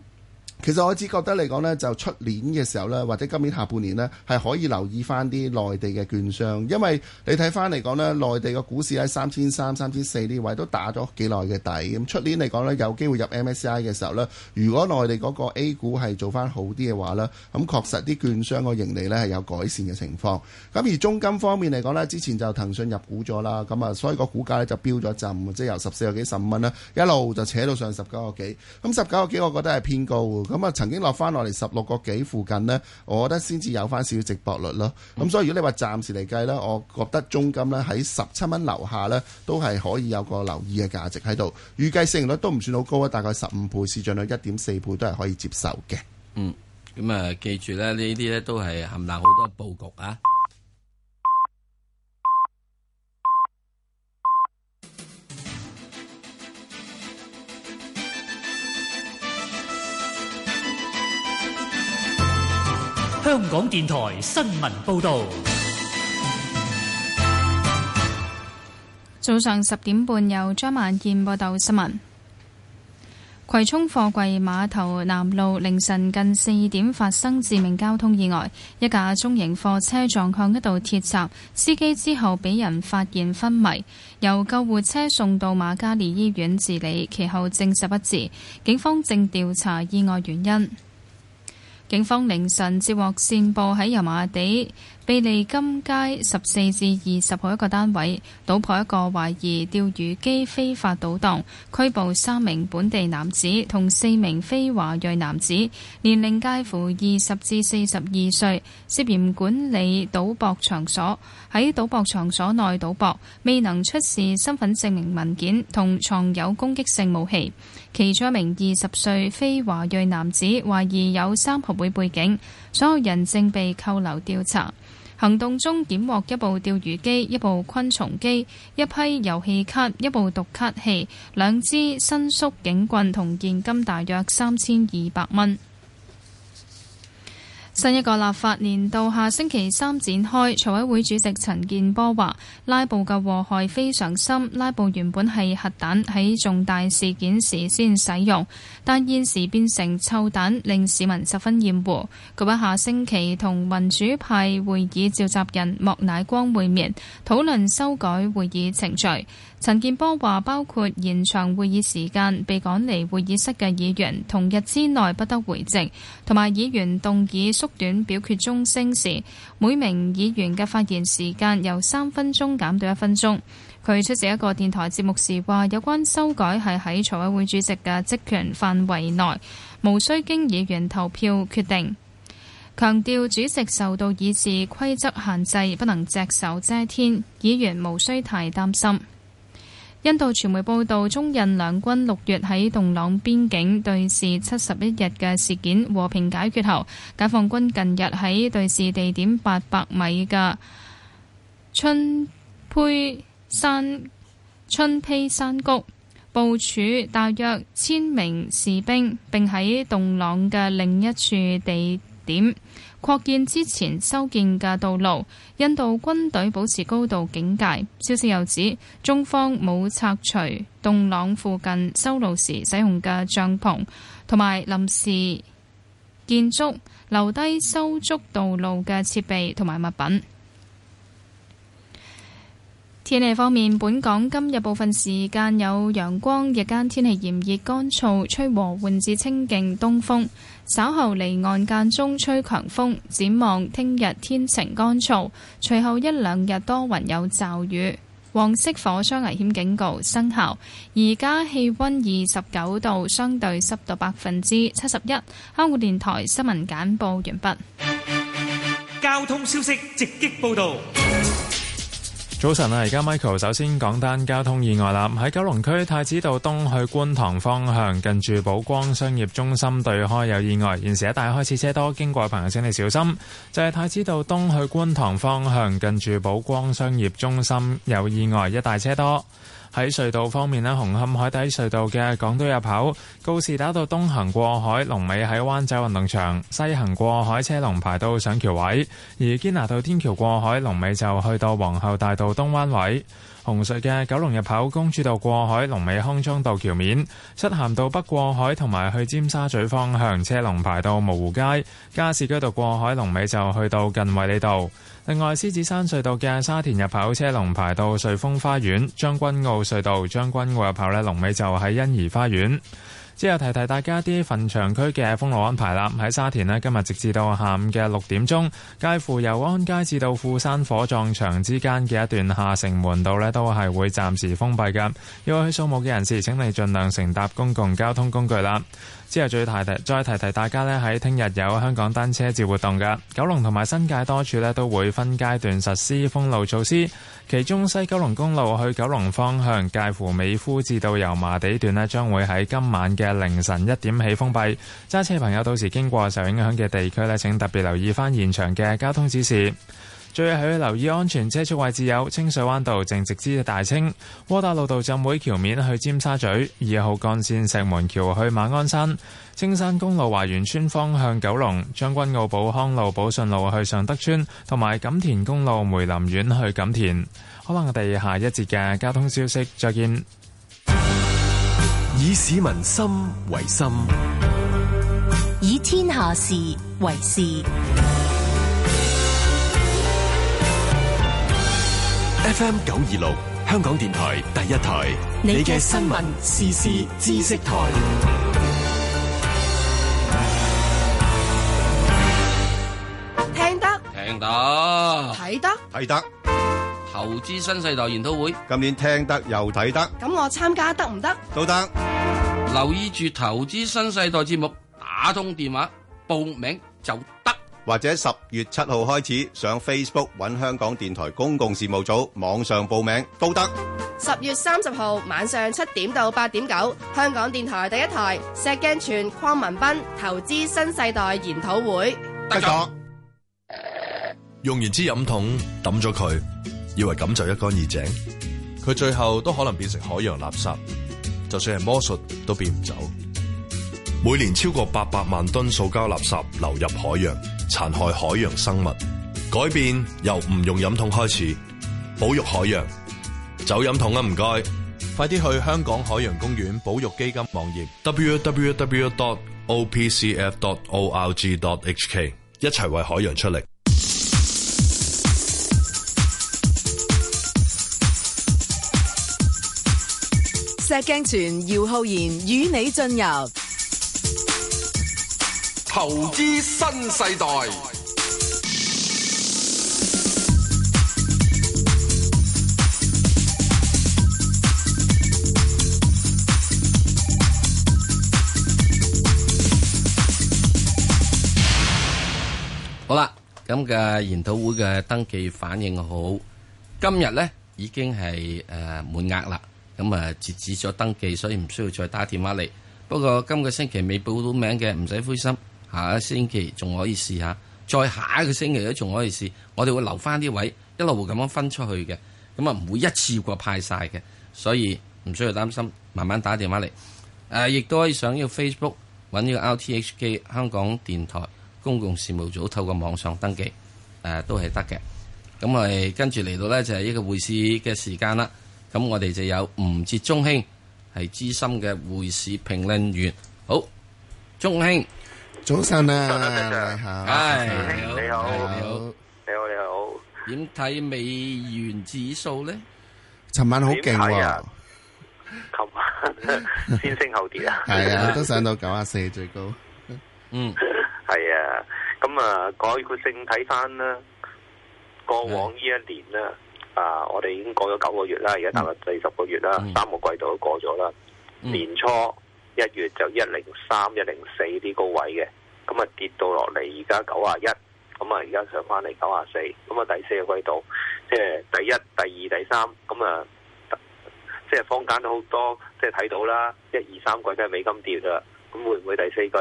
其實我只覺得嚟講呢，就出年嘅時候呢，或者今年下半年呢，係可以留意翻啲內地嘅券商，因為你睇翻嚟講呢，內地嘅股市喺三千三、三千四呢位都打咗幾耐嘅底。咁出年嚟講呢，有機會入 MSCI 嘅時候呢，如果內地嗰個 A 股係做翻好啲嘅話呢，咁確實啲券商個盈利呢係有改善嘅情況。咁而中金方面嚟講呢，之前就騰訊入股咗啦，咁啊，所以個股價呢就飆咗浸，即係由十四個幾、十五蚊啦，一路就扯到上十九個幾。咁十九個幾，我覺得係偏高。咁啊，曾經落翻落嚟十六個幾附近呢，我覺得先至有翻少少值博率咯。咁所以如果你話暫時嚟計呢，我覺得中金呢喺十七蚊樓下呢，都係可以有個留意嘅價值喺度。預計市盈率都唔算好高啊，大概十五倍，市賬率一點四倍都係可以接受嘅。嗯，咁啊、呃，記住咧，呢啲呢都係含納好多佈局啊。香港電台新聞報道：早上十點半，由張萬健報道新聞。葵涌貨櫃碼頭南路凌晨近四點發生致命交通意外，一架中型貨車撞向一道鐵閘，司機之後俾人發現昏迷，由救護車送到瑪嘉烈醫院治理，其後證實不治。警方正調查意外原因。警方凌晨接獲線報，喺油麻地卑利金街十四至二十號一個單位，搗破一個懷疑釣魚機非法賭檔，拘捕三名本地男子同四名非華裔男子，年齡介乎二十至四十二歲，涉嫌管理賭博場所。喺賭博場所內賭博，未能出示身份證明文件同藏有攻擊性武器。其中一名二十歲非華裔男子懷疑有三合會背景，所有人正被扣留調查。行動中檢獲一部釣魚機、一部昆蟲機、一批遊戲卡、一部讀卡器、兩支伸縮警棍同現金大約三千二百蚊。新一個立法年度下星期三展開，財委會主席陳建波話：拉布嘅禍害非常深，拉布原本係核彈喺重大事件時先使用，但現時變成臭彈，令市民十分厭惡。佢話下星期同民主派會議召集人莫乃光會面，討論修改會議程序。陳健波話：包括延長會議時間、被趕離會議室嘅議員同日之內不得回席，同埋議員動議縮短表決鐘聲時，每名議員嘅發言時間由三分鐘減到一分鐘。佢出席一個電台節目時話：有關修改係喺財委會主席嘅職權範圍內，無需經議員投票決定。強調主席受到議事規則限制，不能隻手遮天，議員無需太擔心。印度傳媒報導，中印兩軍六月喺洞朗邊境對峙七十一日嘅事件和平解決後，解放軍近日喺對峙地點八百米嘅春佩山春佩山谷部署大約千名士兵，並喺洞朗嘅另一處地點，擴建之前修建嘅道路，印度軍隊保持高度警戒。消息又指，中方冇拆除洞朗附近修路時使用嘅帳篷同埋臨時建築，留低修築道路嘅設備同埋物品。天氣方面，本港今日部分時間有陽光，日間天氣炎熱乾燥，吹和緩至清勁東風。稍後離岸間中吹強風。展望聽日天,天晴乾燥，隨後一兩日多雲有驟雨。黃色火災危險警告生效。而家氣温二十九度，相對濕度百分之七十一。香港電台新聞簡報完畢。交通消息直擊報道。早晨啊，而家 Michael 首先講單交通意外啦。喺九龍區太子道東去觀塘方向，近住寶光商業中心對開有意外，現時一帶開始車多，經過嘅朋友請你小心。就係太子道東去觀塘方向，近住寶光商業中心有意外，一帶車多。喺隧道方面呢，紅磡海底隧道嘅港島入口，告士打道東行過海龍尾喺灣仔運動場；西行過海車龍排到上橋位。而堅拿道天橋過海龍尾就去到皇后大道東灣位。紅隧嘅九龍入口，公主道過海龍尾康莊道橋面；漆咸道北過海同埋去尖沙咀方向車龍排到蕪湖街。加士居道過海龍尾就去到近衛理道。另外，獅子山隧道嘅沙田入口車龍排到瑞峰花園，將軍澳隧道將軍澳入口呢龍尾就喺欣怡花園。之後提提大家啲墳場區嘅封路安排啦。喺沙田呢，今日直至到下午嘅六點鐘，介乎由安街至到富山火葬場之間嘅一段下城門道呢，都係會暫時封閉嘅。要去掃墓嘅人士，請你盡量乘搭公共交通工具啦。之後再提提，再提提大家咧喺聽日有香港單車節活動㗎，九龍同埋新界多處咧都會分階段實施封路措施，其中西九龍公路去九龍方向介乎美孚至到油麻地段咧將會喺今晚嘅凌晨一點起封閉，揸車朋友到時經過受影響嘅地區咧請特別留意返現場嘅交通指示。最係要留意安全車速位置，有清水灣道正直至大清窩打老道浸會橋面去尖沙咀、二號幹線石門橋去馬鞍山、青山公路華園村方向、九龍將軍澳寶康路寶順路去尚德邨，同埋錦田公路梅林苑去錦田，好啦，我哋下一節嘅交通消息再見。以市民心為心，以天下事為事。FM 九二六，香港電台第一台。你嘅新聞、時事、知識台，聽得聽得睇得睇得。得得投資新世代研討會，今年聽得又睇得。咁我參加得唔得？都得。留意住投資新世代節目，打通電話報名就得。或者十月七號開始上 Facebook 揾香港電台公共事務組網上報名都得。十月三十號晚上七點到八點九，香港電台第一台石鏡泉鄺文斌投資新世代研討會。得咗了。用完支飲筒抌咗佢，以為咁就一乾二淨，佢最後都可能變成海洋垃圾，就算係魔術都變唔走。每年超過八百萬噸塑膠垃圾流入海洋，殘害海洋生物。改變由唔用飲筒開始，保育海洋。走飲筒啊，唔該，快啲去香港海洋公園保育基金網頁 www.opcf.org.hk，一齊為海洋出力。石鏡泉、姚浩然與你進入。投資新世代。好啦，咁嘅研討會嘅登記反應好，今日咧已經係誒滿額啦。咁啊，截止咗登記，所以唔需要再打電話嚟。不過今個星期未報到名嘅，唔使灰心。下一星期仲可以試下，再下一個星期都仲可以試。我哋會留翻啲位一路咁樣分出去嘅，咁啊唔會一次過派晒嘅，所以唔需要擔心。慢慢打電話嚟，誒亦都可以上呢個 Facebook 揾呢個 RTHK 香港電台公共事務組，透過網上登記誒、呃、都係得嘅。咁咪跟住嚟到呢，就係、是、一個會試嘅時間啦。咁我哋就有吳哲中興係資深嘅會試評論員，好中興。早晨啊！你好，你好，你好，你好，你好！點睇美元指數咧？琴晚好勁啊！琴晚先升後跌啊。係啊，都上到九啊四最高。嗯，係啊。咁啊，概括性睇翻啦，過往呢一年啦，啊，我哋已經過咗九個月啦，而家大約第十個月啦，三個季度都過咗啦，年初。一月就一零三、一零四啲高位嘅，咁啊跌到落嚟，而家九啊一，咁啊而家上翻嚟九啊四，咁啊第四個季度，即係第一、第二、第三，咁啊即係坊間都好多，即係睇到啦，一二三季都係美金跌啦，咁會唔會第四季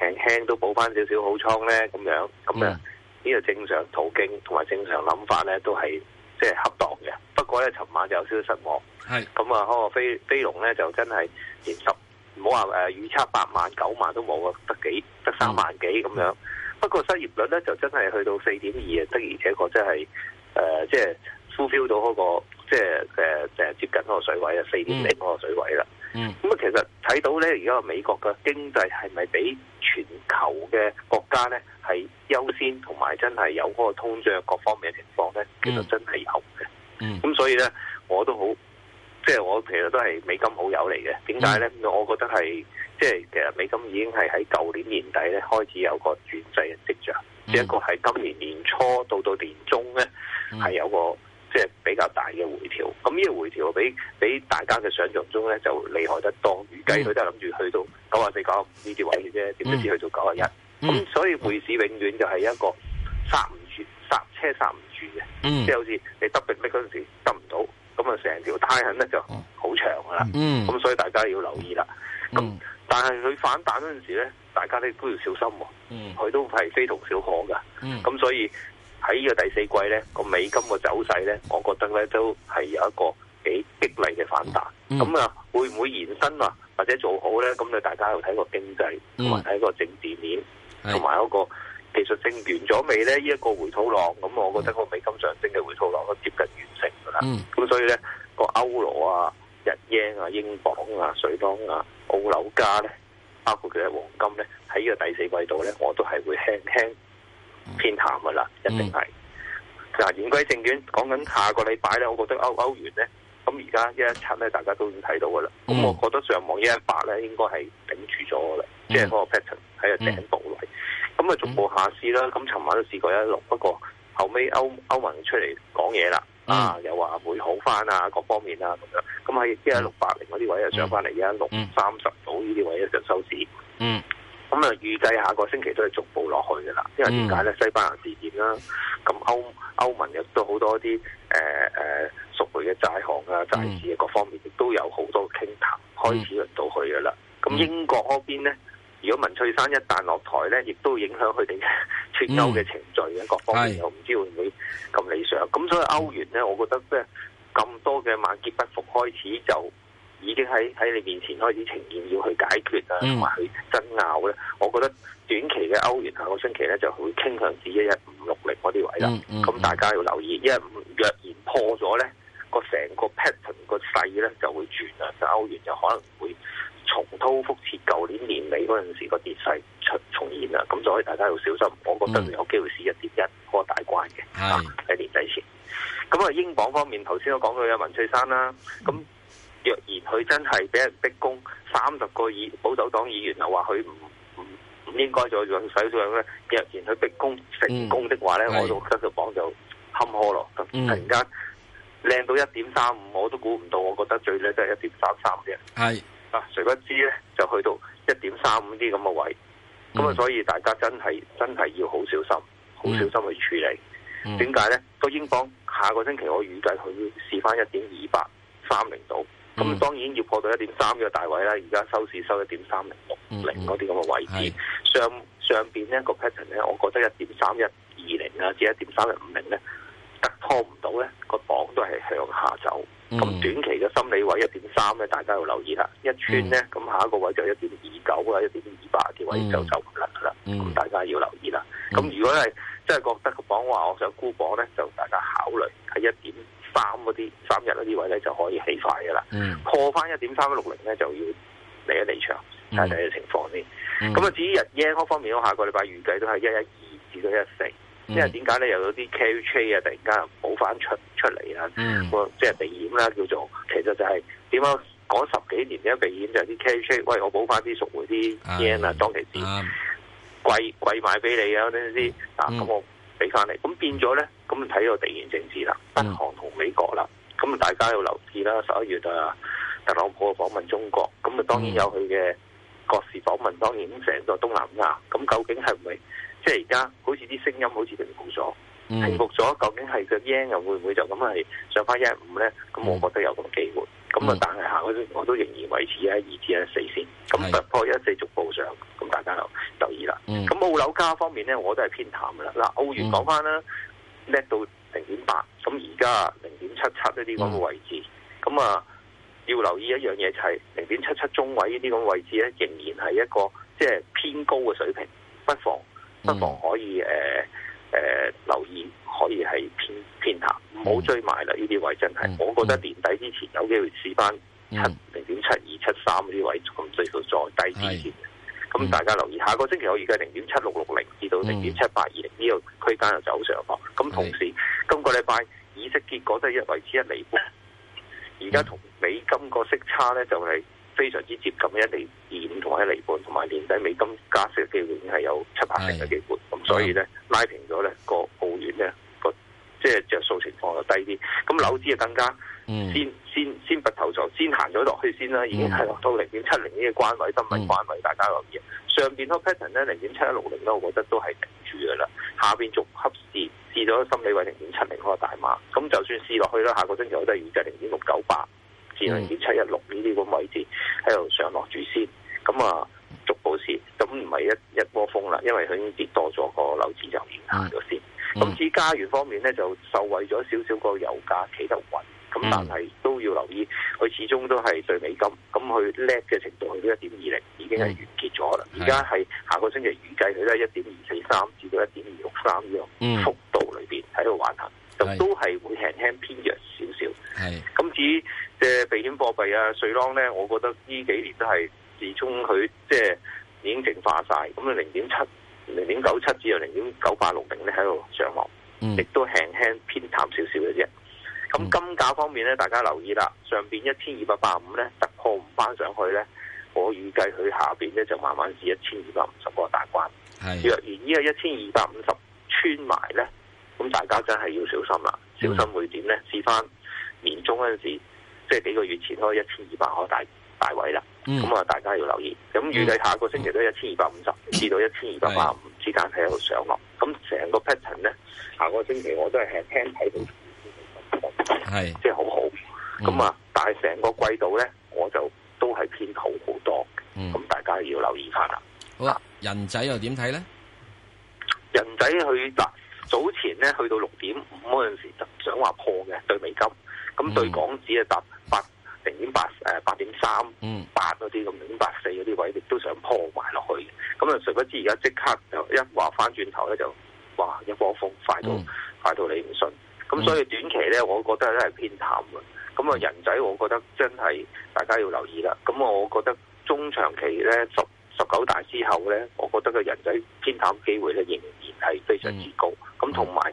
輕輕都補翻少少好倉咧？咁樣，咁啊呢個正常途徑同埋正常諗法咧，都係即係恰當嘅。不過咧，尋晚就有少少失望，係咁啊，嗰個飛飛龍咧就真係跌十。唔好話誒，預測八萬九萬都冇啊，得幾得三萬幾咁樣。嗯、不過失業率咧就真係去到四點二啊，得而且確真係誒，即係 fulfill 到、嗰個即係誒誒接近嗰個水位啊，四點零嗰個水位啦、嗯。嗯。咁啊，其實睇到咧，而家美國嘅經濟係咪比全球嘅國家咧係優先同埋真係有嗰個通脹各方面嘅情況咧？其實真係有嘅、嗯。嗯。咁所以咧，我都好。即係我其實都係美金好友嚟嘅，點解咧？我覺得係即係其實美金已經係喺舊年年底咧開始有個轉勢嘅跡象，只一個係今年年初到到年中咧係、嗯、有個即係比較大嘅回調。咁呢個回調比比大家嘅想像中咧就厲害得多。預計佢都係諗住去到九啊四九啊五呢啲位嘅啫，點知去到九啊一。咁、嗯、所以匯市永遠就係一個剎唔住、剎車剎唔住嘅，嗯、即係好似你得病嗰陣時得唔到。咁啊，成條胎痕咧就好長噶啦，咁、嗯、所以大家要留意啦。咁、嗯、但係佢反彈嗰陣時咧，大家咧都要小心喎。佢、嗯、都係非同小可噶，咁、嗯、所以喺呢個第四季咧個美金嘅走勢咧，我覺得咧都係有一個幾激勵嘅反彈。咁啊、嗯，嗯、會唔會延伸啊？或者做好咧？咁啊，大家要睇個經濟同埋睇個政治面同埋嗰個。其實整完咗未咧？呢一個回吐浪，咁我覺得個美金上升嘅回吐浪都接近完成㗎啦。咁、嗯、所以咧，個歐羅啊、日英啊、英鎊啊、瑞郎啊、澳紐加咧，包括佢嘅黃金咧，喺呢個第四季度咧，我都係會輕輕偏淡㗎啦。一定係。嗱、嗯，言、啊、歸正傳，講緊下個禮拜咧，我覺得歐歐元咧，咁而家一一七咧，大家都已經睇到㗎啦。咁、嗯、我覺得上望一一八咧，應該係頂住咗㗎啦，即係嗰個 pattern 喺個頂部位。咁啊，逐步下市啦。咁尋晚都試過一六，不過後尾歐歐盟出嚟講嘢啦，啊又話會好翻啊，各方面啊咁樣。咁喺一六八零嗰啲位又上翻嚟，一六三十度呢啲位就收市。嗯。咁啊，嗯嗯、預計下個星期都係逐步落去嘅啦。因為點解咧？西班牙事件啦，咁歐歐盟又都好多啲誒誒，贖回嘅債項啊、債市嘅各方面，亦都有好多傾談開始入到去嘅啦。咁英國嗰邊咧？如果文翠山一旦落台咧，亦都影響佢哋嘅脫歐嘅程序嘅，嗯、各方面又唔知會唔會咁理想。咁、嗯、所以歐元咧，我覺得咧，咁多嘅萬劫不復開始就已經喺喺你面前開始呈現，要去解決啊，同埋、嗯、去爭拗咧。我覺得短期嘅歐元下個星期咧就會傾向至一一五六零嗰啲位啦。咁、嗯嗯、大家要留意，因為若然破咗咧，個成個 pattern 個勢咧就會轉啦，就歐元就可能會。重蹈覆轍，舊年年尾嗰陣時個跌勢重重現啦，咁所以大家要小心。我覺得有機會是一跌一嗰個大關嘅，喺是、啊、年底前。咁啊，英鎊方面，頭先我講到有文翠珊啦，咁若然佢真係俾人逼宮三十個議保守黨議員，又話佢唔唔應該再用手上咧，若然佢逼宮成功的話咧，嗯、我度收數鎊就坎坷咯。嗯嗯、突然間靚到一點三五，我都估唔到。我覺得最叻都係一點三三嘅。係。啊！誰不知咧，就去到一點三五啲咁嘅位，咁啊、嗯，所以大家真係真係要好小心，好小心去處理。點解咧？都英鎊下個星期我預計佢試翻一點二八三零度，咁、嗯、當然要破到一點三嘅大位啦。而家收市收一點三零六零嗰啲咁嘅位置。嗯嗯、上上邊呢、呢個 pattern 咧，我覺得一點三一二零啊，至一點三零五零咧，得拖唔到咧，個榜都係向下走。咁 í ner rah imer 短期嘅心理位 m im f ira 一點三咧，大家要留意啦。一穿咧，咁下一個位就一點二九啊，一點二八啲位就走唔甩噶啦。咁大家要留意啦。咁如果係真係覺得個鎊話，我想沽鎊咧，就大家考慮喺一點三嗰啲三日嗰啲位咧，就可以起快噶啦。破返一點三六零咧，就要嚟一嚟場睇睇嘅情況先。咁啊，至於日圓嗰方面我下個禮拜預計都係一一二至到一四。因、嗯、為點解咧又有啲 carry trade 啊，突然間又補翻出出嚟啊，個、嗯、即係避險啦，叫做其實就係點樣講十幾年嘅避險就係啲 carry trade，喂我補翻啲贖回啲 yen 啊，當其時貴貴買俾你啊，呢啲嗱，咁我俾翻你，咁變咗咧，咁就睇個地緣政治啦，北韓同美國啦，咁啊大家要留意啦，十一月啊特朗普訪問中國，咁啊當然有佢嘅國事訪問，當然都成個東南亞，咁究竟係咪？即係而家，好似啲聲音好似平伏咗，平伏咗，究竟係日圓又會唔會就咁係上翻一五咧？咁、嗯、我覺得有咁嘅機會，咁啊、嗯，但係行，我都我都仍然維持喺二至一四先，咁突破一四逐步上，咁大家就留意啦。咁、嗯、澳樓價方面咧，我都係偏淡啦。嗱，澳元講翻啦，叻、嗯、到零點八，咁而家零點七七呢啲咁嘅位置，咁啊、嗯、要留意一樣嘢，就係零點七七中位呢啲咁嘅位置咧，仍然係一個即係偏高嘅水平，不妨。不妨可以誒誒留意，可以係偏偏下，唔好追埋啦！呢啲位真係，我覺得年底之前有機會試翻七零點七二、七三呢啲位，咁最好再低啲先。咁大家留意，下個星期我而家零點七六六零至到零點七八二零呢個區間又走上落。咁同時今個禮拜議息結果都係維持一釐半，而家同美金個息差咧就係，非常之接近一厘二五同埋一厘半，同埋年底美金加息嘅機會已經係有七八成嘅機會，咁的所以咧拉平咗咧，個澳元咧個即係著數情況就低啲，咁樓指就更加先、嗯、先先拔頭籌，先行咗落去先啦，已經係落到零點七零呢個關位，新聞關位，嗯、大家留意。上邊個 pattern 咧零點七一六零咧，60，我覺得都係頂住噶啦，下邊仲測試試咗心理位零點七零嗰個大碼，咁就算試落去啦，下個星期我都係預計零點六九八。二零點七一六呢啲咁位置喺度上落住先，咁啊逐步先，咁唔係一一窩蜂啦，因為佢已經跌多咗個樓市就緩下咗先。咁至於加元方面咧，就受惠咗少少個油價企得穩，咁但係都要留意，佢始終都係對美金，咁佢叻嘅程度去到一點二零已經係完結咗啦。而家係下個星期預計佢都係一點二四三至到一點二六三嘅幅度裏邊喺度玩下，嗯、就都係會輕輕偏弱少少。係咁至於。是嘅避險貨幣啊，瑞郎咧，我覺得呢幾年都係自從佢即係已經淨化晒。咁啊零點七、零點九七至到零點九八六零咧喺度上落，亦、嗯、都輕輕偏淡少少嘅啫。咁金價方面呢，大家留意啦，上邊一千二百八十五呢，突破唔翻上去呢，我預計佢下邊呢就慢慢試一千二百五十個大關。係的若然呢個一千二百五十穿埋呢，咁大家真係要小心啦，小心會點呢？試翻年中嗰陣時。即係幾個月前開一千二百可大大位啦，咁啊、嗯、大家要留意。咁預計下一個星期都一千二百五十至到一千二百八十五之間係有上落。咁成個 pattern 咧，下個星期我都係輕輕睇到係，即係好好。咁啊，但係成個季度咧，我就都係偏好好多。咁、嗯、大家要留意翻啦。好啦，人仔又點睇咧？人仔去嗱早前咧去到六點五嗰陣時就想話破嘅對美金。咁對港紙啊，搭八成點八誒八點三八嗰啲咁，點八四嗰啲位，亦都想破埋落去。咁啊，誰不知而家即刻就一話翻轉頭咧，就哇一波風快到 快到你唔信。咁所以短期咧，我覺得咧係偏淡嘅。咁啊，人仔，我覺得真係大家要留意啦。咁我覺得中長期咧，十十九大之後咧，我覺得個人仔偏淡機會咧仍然係非常之高。咁同埋。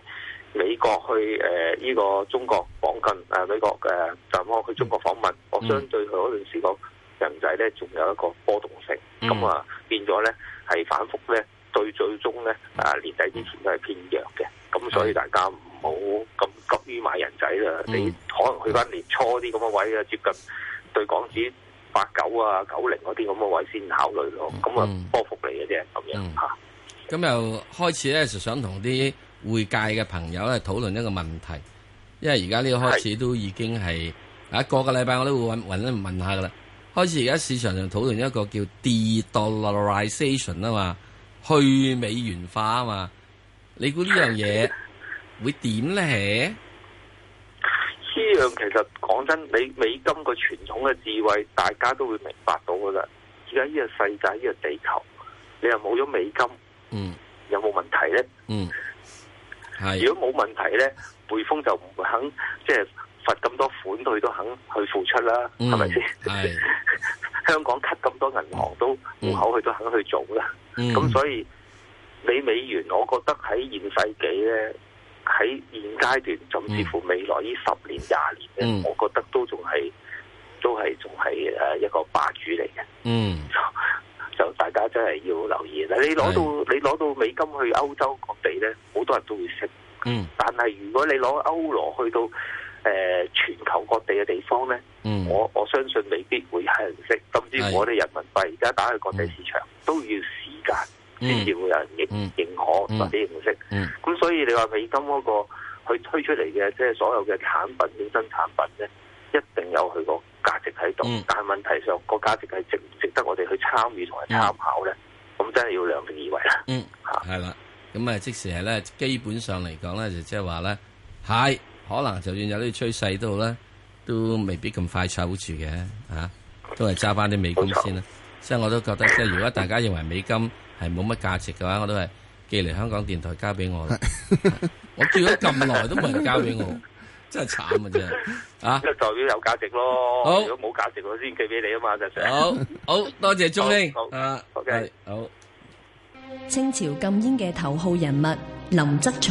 美國去誒依、呃這個中國訪問，誒、呃、美國嘅就我去中國訪問，我相對佢嗰陣時個人仔咧，仲有一個波動性，咁啊、嗯、變咗咧係反覆咧，對最終咧啊年底之前都係偏弱嘅，咁所以大家唔好咁急於買人仔啦，嗯、你可能去翻年初啲咁嘅位啊，接近對港紙八九啊九零嗰啲咁嘅位先考慮咯，咁啊、嗯、波幅嚟嘅啫咁樣嚇。咁又開始咧，就想同啲。嗯嗯嗯嗯嗯嗯會界嘅朋友咧討論一個問題，因為而家呢個開始都已經係啊，是個個禮拜我都會揾揾一問下噶啦。開始而家市場上討論一個叫 de-dollarisation 啊嘛，去美元化啊嘛，你估 呢樣嘢會點咧？呢樣其實講真，你美，美金個傳統嘅智慧，大家都會明白到噶啦。而家呢個世界，呢個地球，你又冇咗美金，嗯，有冇問題咧、嗯？嗯。是如果冇問題咧，匯豐就唔會肯即係罰咁多款，佢都肯去付出啦，係咪先？吧是 香港 cut 咁多銀行、嗯、都唔好，佢都肯去做啦。咁、嗯、所以你美，美元，我覺得喺現世紀咧，喺現階段，甚至乎未來呢十年廿年咧，嗯、我覺得都仲係都係仲係誒一個霸主嚟嘅。嗯嗯。就大家真係要留意啦！你攞到你攞到美金去歐洲各地呢，好多人都會識。嗯，但係如果你攞歐羅去到誒、呃、全球各地嘅地方呢，嗯、我我相信未必會有人識。甚至乎我哋人民幣而家打去國際市場、嗯、都要時間先至會有人認、嗯、認可或者、嗯、認識。咁、嗯嗯、所以你話美金嗰、嗰個去推出嚟嘅即係所有嘅產品衍生產品呢，一定有佢個價值喺度，嗯、但係問題上個價值係值唔值得我哋去參與同埋參考咧？咁、嗯、真係要量力而為啦。嗯，係啦。咁啊，即時係咧，基本上嚟講咧，就即係話咧，係、哎，可能就算有啲趨勢都好咧，都未必咁快炒住嘅。吓、啊，都係揸翻啲美金先啦。即係錯我都覺得，即係 如果大家認為美金係冇乜價值嘅話，我都係寄嚟香港電台交俾我， 我，我。我叫咗咁耐都冇人交俾我。真係慘啊！真係吓，就代表有價值咯。好，如果冇價值，我先寄俾你啊嘛，石 Sir。好，好多謝鍾英。好，OK，好。清朝禁煙嘅頭號人物林則徐，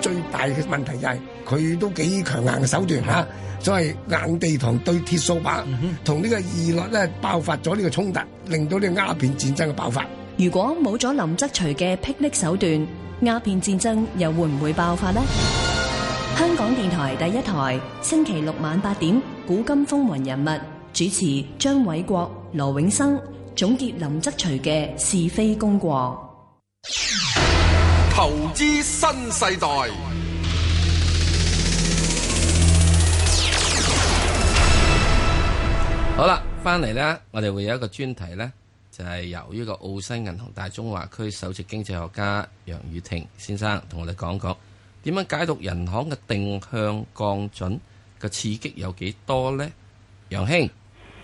最大嘅問題就係佢都幾強硬嘅手段吓，所謂硬地堂對鐵掃把，同呢個義律咧，爆發咗呢個衝突，令到呢個鴉片戰爭嘅爆發。如果冇咗林則徐嘅霹靂手段，鴉片戰爭又會唔會爆發呢？香港電台第一台，星期六晚八點，《古今風雲人物》，主持張偉國、羅永生總結林則徐嘅是非功過。投資新世代，好啦，翻嚟咧，我哋會有一個專題咧，就係、是、由呢個澳新銀行大中華區首席經濟學家楊宇霆先生同我哋講講。點樣解讀人行嘅定向降準嘅刺激有幾多呢？楊兄，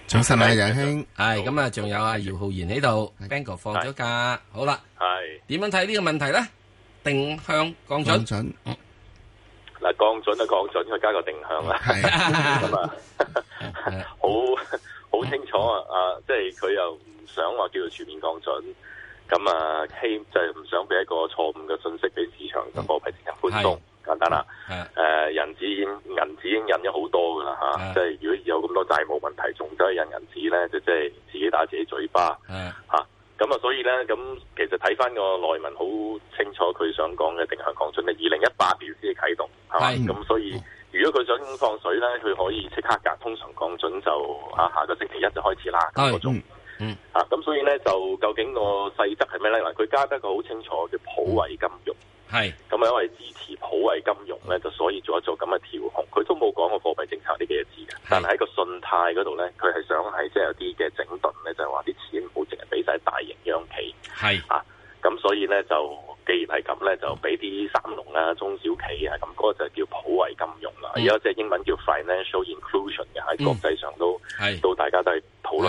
早晨、um. uh um、啊，楊兄，係咁啊，仲有阿姚浩然喺度 Bangle 放咗假，好啦，係點樣睇呢個問題呢？定向降準，降準，啊降準啊降準，佢加個定向啊，咁啊，好好清楚啊，啊，即係佢又唔想話叫全面降準。咁啊，希就係唔想俾一個錯誤嘅信息俾市場，嘅貨幣政策寬鬆，簡單啦。誒，銀紙已經銀紙已經印咗好多㗎啦嚇，即係如果有咁多債務問題，仲再印銀紙咧，就即係自己打自己嘴巴嚇。咁啊，所以咧，咁其實睇翻個內文好清楚，佢想講嘅定向降準咧，二零一八年先至啟動，係嘛？咁所以如果佢想放水咧，佢可以即刻㗎，通常降準就啊下個星期一就開始啦，九個 Mm. 啊、嗯，啊，咁所以咧就究竟個細則係咩咧？嗱，佢加得個好清楚叫普惠金融，係、mm. 嗯，咁啊，因為支持普惠金融咧，就所以做一做咁嘅調控，佢都冇講過貨幣政策呢幾個字嘅，但係喺個信貸嗰度咧，佢係想係即係有啲嘅整頓咧，就係話啲錢唔好淨係俾晒大型央企，係，mm. 啊，咁、嗯、所以咧就既然係咁咧，就俾啲三農啊、中小企啊，咁、那、嗰個就叫普惠金融啦，而家即係英文叫 financial inclusion 嘅，喺國際上都，係、mm. 嗯，到大家都係。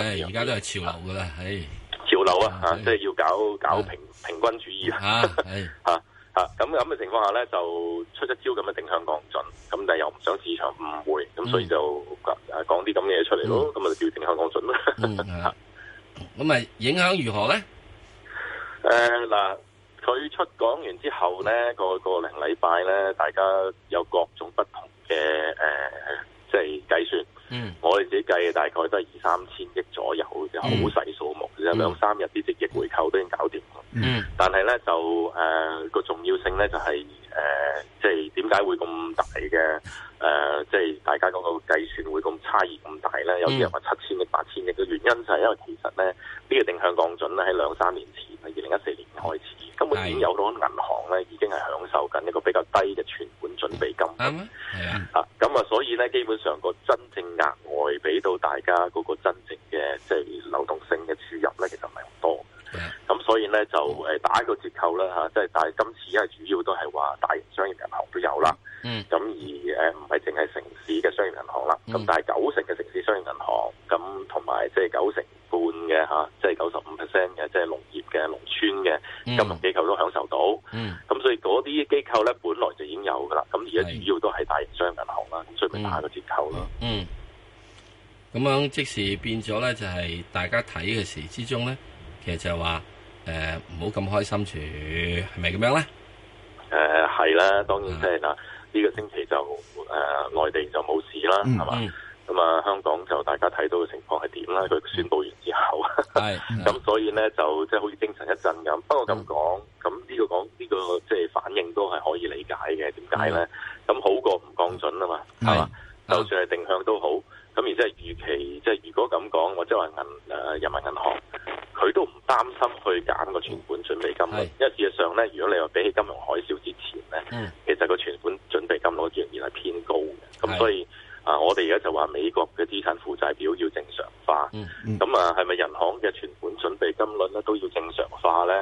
佢而家都係潮流噶啦，啊、唉，潮流啊，啊，即係要搞搞平平均主義、嗯、啊，唉，啊，啊，咁咁嘅情況下咧，就出一招咁嘅定向降準，咁但係又唔想市場誤會，咁所以就講啲咁嘢出嚟咯，咁咪、嗯、叫定向降準咯，咁咪、啊、影響如何咧？誒嗱、啊，佢出港完之後咧，個個零禮拜咧，大家有各種不同嘅誒。呃嗯，mm hmm. 我哋自己計嘅大概都係二三千億左右，就好細數目，就兩三日啲積極回購都已經搞掂。嗯，mm hmm. 但係咧就誒、呃那個重要性咧就係、是、誒、呃，即係點解會咁大嘅誒、呃，即係大家嗰個計算會咁差異咁大咧？有啲人話七千億、八千億嘅原因就係因為其實咧呢、這個定向降準咧喺兩三年前。二零一四年開始，根本已經有好多銀行咧，已經係享受緊一個比較低嘅存款準備金。係啊，咁啊，所以咧，基本上個真正額外俾到大家嗰個真正嘅即係流動性嘅注入咧，其實唔係好多。咁的所以咧就誒打一個折扣啦吓，即、啊、係但係今次因為主要都係話大型商業銀行都有啦，嗯，咁而誒唔係淨係城市嘅商業銀行啦，咁、mm. 但係九成嘅城市商業銀行，咁同埋即係九成半嘅吓，即係九十五 percent 嘅即係農業嘅農村嘅金融機構都享受到，嗯、mm. 啊，咁所以嗰啲機構咧本來就已經有噶啦，咁而家主要都係大型商業銀行啦，mm. 所以佢打一個折扣咯，mm. 嗯，咁樣即時變咗咧就係大家睇嘅時之中咧。其實就話誒，唔好咁開心住，係咪咁樣咧？誒係啦，當然即係嗱，呢、啊這個星期就誒內、啊、地就冇事啦，係嘛、嗯？咁啊，香港就大家睇到嘅情況係點啦？佢、嗯、宣布完之後，係咁、啊， 所以咧就即係好似精神一振咁。嗯、不過咁講，咁呢、這個講呢、這個即係、這個這個、反應都係可以理解嘅。點解咧？咁好過唔降準啊嘛，係嘛、嗯？就算係定向都好。咁而即係預期，即係如果咁講，或者話銀誒人民銀行，佢都唔擔心去減個存款準備金㗎。嗯、因為事實上咧，如果你話比起金融海嘯之前咧，嗯、其實個存款準備金率仍然係偏高嘅，咁所以。嗯啊！我哋而家就話美國嘅資產負債表要正常化，咁啊、嗯，係、嗯、咪人行嘅存款準備金率咧都要正常化呢？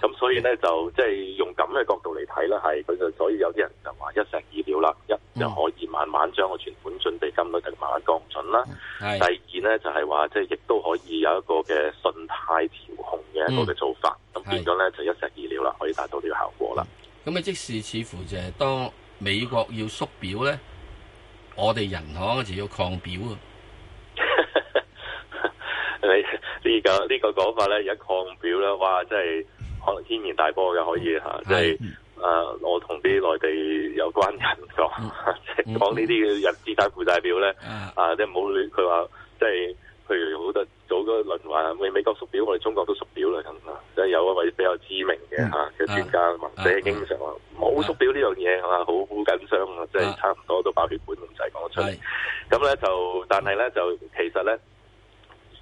咁 所以呢，就即係用咁嘅角度嚟睇啦。係佢就所以有啲人就話一石二鳥啦，一、嗯、就可以慢慢將個存款準備金率就慢慢降準啦。嗯、第二呢，是就係話即係亦都可以有一個嘅信貸調控嘅一個嘅做法，咁、嗯、變咗呢，就一石二鳥啦，可以達到呢個效果啦。咁啊、嗯，即係似乎就係當美國要縮表呢。我哋人行就要擴表啊、 這個！你、這個、呢個呢個講法咧，而家擴表啦，哇！真、就、係、是、可能天然大波又可以嚇，即係誒，我同啲內地有關人講，講呢啲嘅資產負債表咧，啊，即係冇佢話即係。就是譬如好多早嗰個輪話，美美國縮表，我哋中國都縮表啦，咁啊，即係有一位比較知名嘅嚇嘅專家或者、啊、即係經常話冇縮表呢樣嘢係嘛，好好緊張啊，即係差唔多都爆血管咁滯講出嚟。咁咧是就，但係咧就其實咧。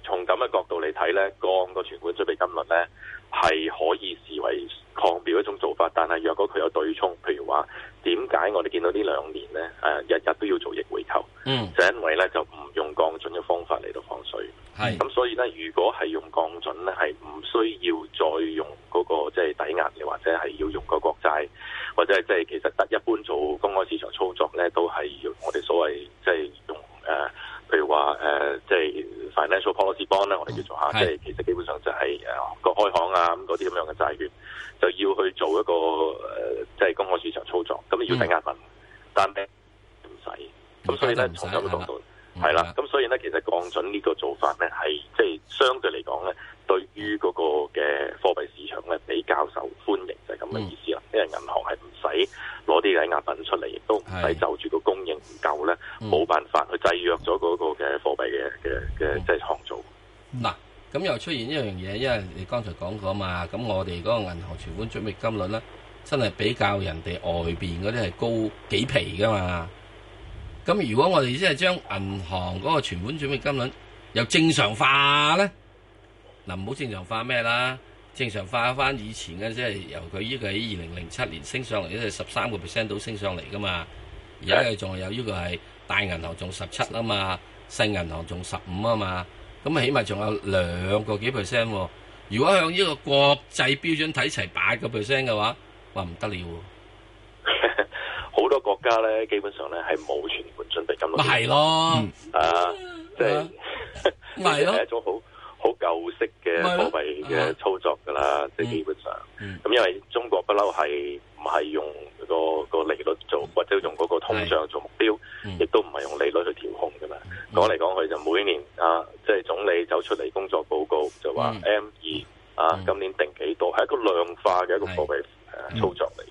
從咁嘅角度嚟睇咧，降個存款準備金率咧係可以視為擴表一種做法，但係若果佢有對沖，譬如話點解我哋見到呢兩年咧誒日日都要做逆回購，嗯，就因為咧就唔用降準嘅方法嚟到放水，係咁是 所以咧，如果係用降準咧，係唔需要再用嗰個即係抵押嘅或者係要用個國債，或者係即係其實得一般做公開市場操作咧都係用我哋所謂即係、就是、用誒。呃譬如話誒，即、呃、係、就是、financial policy bond 咧，我哋叫做吓，嗯、即係其實基本上就係誒個開行啊咁嗰啲咁樣嘅債券，就要去做一個誒，即、呃、係、就是、公開市場操作，咁你要抵押品，嗯、但係唔使，咁所以咧從兩個角度。係啦，咁所以咧，其實降準呢個做法咧，係即係相對嚟講咧，對於嗰個嘅貨幣市場咧，比較受歡迎就係咁嘅意思啦。嗯、因為銀行係唔使攞啲抵押品出嚟，亦都唔使就住個供應唔夠咧，冇、嗯、辦法去制約咗嗰個嘅貨幣嘅嘅嘅即係創造。嗱、嗯，咁又出現一樣嘢，因為你剛才講過嘛，咁我哋嗰個銀行存款準備金率咧，真係比較人哋外邊嗰啲係高幾皮噶嘛。咁如果我哋即係將銀行嗰個存款準備金率又正常化咧，嗱，唔好正常化咩啦？正常化翻以前嘅，即係由佢依個喺二零零七年升上嚟，即係十三個 percent 到升上嚟噶嘛。而家佢仲有呢個係大銀行仲十七啊嘛，細銀行仲十五啊嘛。咁啊，起碼仲有兩個幾 percent。如果向呢個國際標準睇齊八個 percent 嘅話，嘩，唔得了。好多國家咧，基本上咧係冇存款準備金咯。咪係咯，啊，即係係一種好好舊式嘅貨幣嘅操作噶啦，即係基本上。咁因為中國不嬲係唔係用個個利率做，或者用嗰個通脹做目標，亦都唔係用利率去調控噶啦。講嚟講去就每年啊，即係總理走出嚟工作報告就話 M 二啊，今年定幾多，係一個量化嘅一個貨幣操作嚟，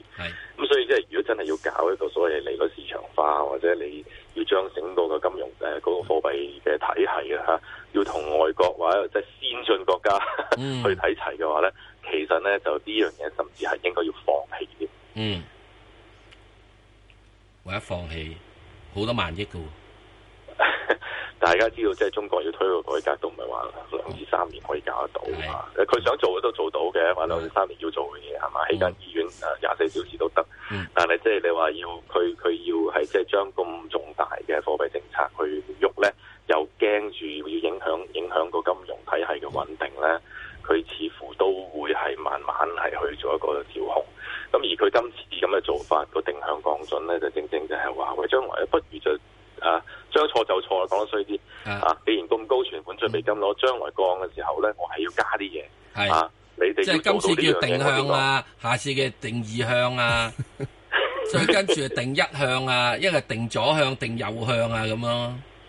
咁所以即係如果真係要搞一個所謂利率市場化，或者你要將整個嘅金融誒嗰、嗰個貨幣嘅體系吓，要同外國或者即係先進國家去睇齊嘅話咧，嗯、其實咧就呢樣嘢甚至係應該要放棄添。嗯，或者放棄，好多萬億噶。大家知道，即、就、係、是、中國要推個改革，都唔係話兩至三年可以搞得到、嗯、啊！佢想做都做到嘅，或者兩至三年要做嘅嘢係嘛？起間醫院啊，廿四小時都得。嗯、但係即係你話要佢佢要係即係將咁重大嘅貨幣政策去喐呢，又驚住要影響影響個金融體系嘅穩定呢。佢、嗯、似乎都會係慢慢係去做一個調控。咁、嗯、而佢今次咁嘅做法，個定向降準呢，就正正就係話為將來不如就。啊，將錯就錯啦，講得衰啲啊！既然咁高存款準備金，我將來降嘅時候咧，我係要加啲嘢的啊！你哋即係今次叫定向啊，下次嘅定二向啊，再 跟住定一向啊，一係定左向、定右向啊，咁咯。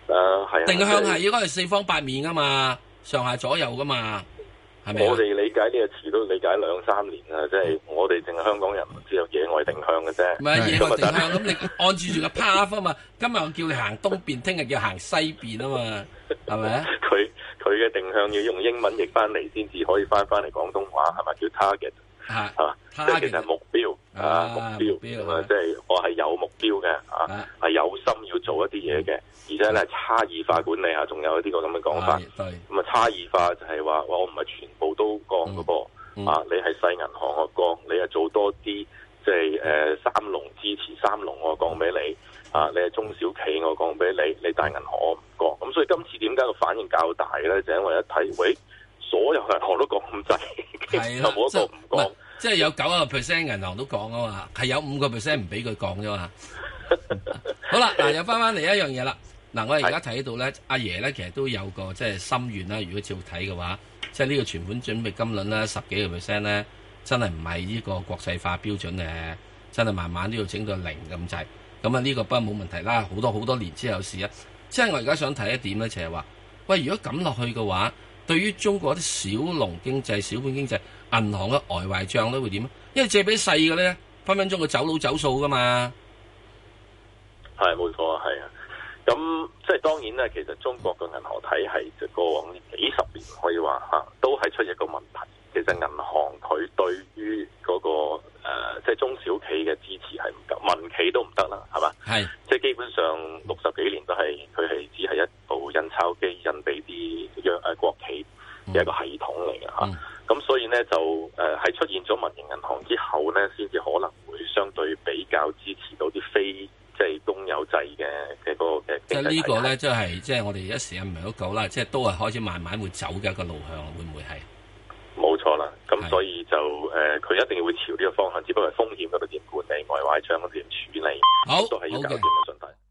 啊，係啊！定向係、就係、應該係四方八面噶嘛，上下左右噶嘛。是是我哋理解呢個詞都理解兩三年啦，即係我哋淨係香港人唔知有野外定向嘅啫。唔係是野咁，就是、 你按住住個 path 啊嘛。今日我叫你行東邊，聽日叫行西邊啊嘛，係咪啊？佢佢嘅定向要用英文譯翻嚟先至可以翻翻嚟廣東話，係咪叫 target？啊，即係其實目標啊，目標啊，即係目標我係有目標嘅啊，係有心要做一啲嘢嘅，而且咧、嗯、差異化管理啊，仲有一啲咁嘅講法，咁啊、嗯嗯、差異化就係話，我唔係全部都降嘅噃啊，你係細銀行我降，你係做多啲即係誒三農支持三農我降俾你啊，你係中小企我降俾你，你大銀行我唔降，咁所以今次點解個反應較大咧？就係、因為一睇，喂。所有，行有，有銀行都講唔滯，係啊，即係有九個 percent 銀行都講啊嘛，係有五個 percent 唔俾佢講啫嘛。好啦，嗱又翻翻嚟一樣嘢啦。嗱，我哋而家睇到咧，是的 阿爺咧其實都有個即係心願啦。如果照睇嘅話，即係呢個存款準備金率咧，十幾個 percent 咧，真係唔係呢個國際化標準嘅，真係慢慢都要整個零咁滯。咁啊，呢個不冇問題啦。好多好多年之後有事啊。即係我而家想睇一點咧，就係話，喂，如果咁落去嘅話。對於中國啲小農經濟、小本經濟，銀行嘅呆壞帳咧會點啊？因為借俾細嘅咧，分分鐘佢走佬走數噶嘛。係冇錯，係啊。咁即係當然啦。其實中國嘅銀行體系，就過往幾十年可以話嚇，都係出一個問題。其實銀行佢對於嗰、那個誒、啊，即係中小企嘅支持係唔夠，民企都唔得啦，係嘛？係是，即係基本上六十幾年都係佢係只係一部印鈔機，印俾啲央誒國企嘅一個系統嚟嘅嚇。咁、嗯嗯啊、所以咧就誒，喺、呃、出現咗民營銀行之後咧，先至可能會相對比較支持到啲非即係公有制嘅嘅個嘅。即係呢個咧，即係即係我哋一時又唔係好講啦，即、就、係、是、都係開始慢慢會走嘅一個路向，會唔會係？咁所以就誒，佢、呃、一定會朝呢個方向，只不過係風險嗰度點管理，外匯帳嗰度點處理，好都係要搞掂嘅順帶。Okay.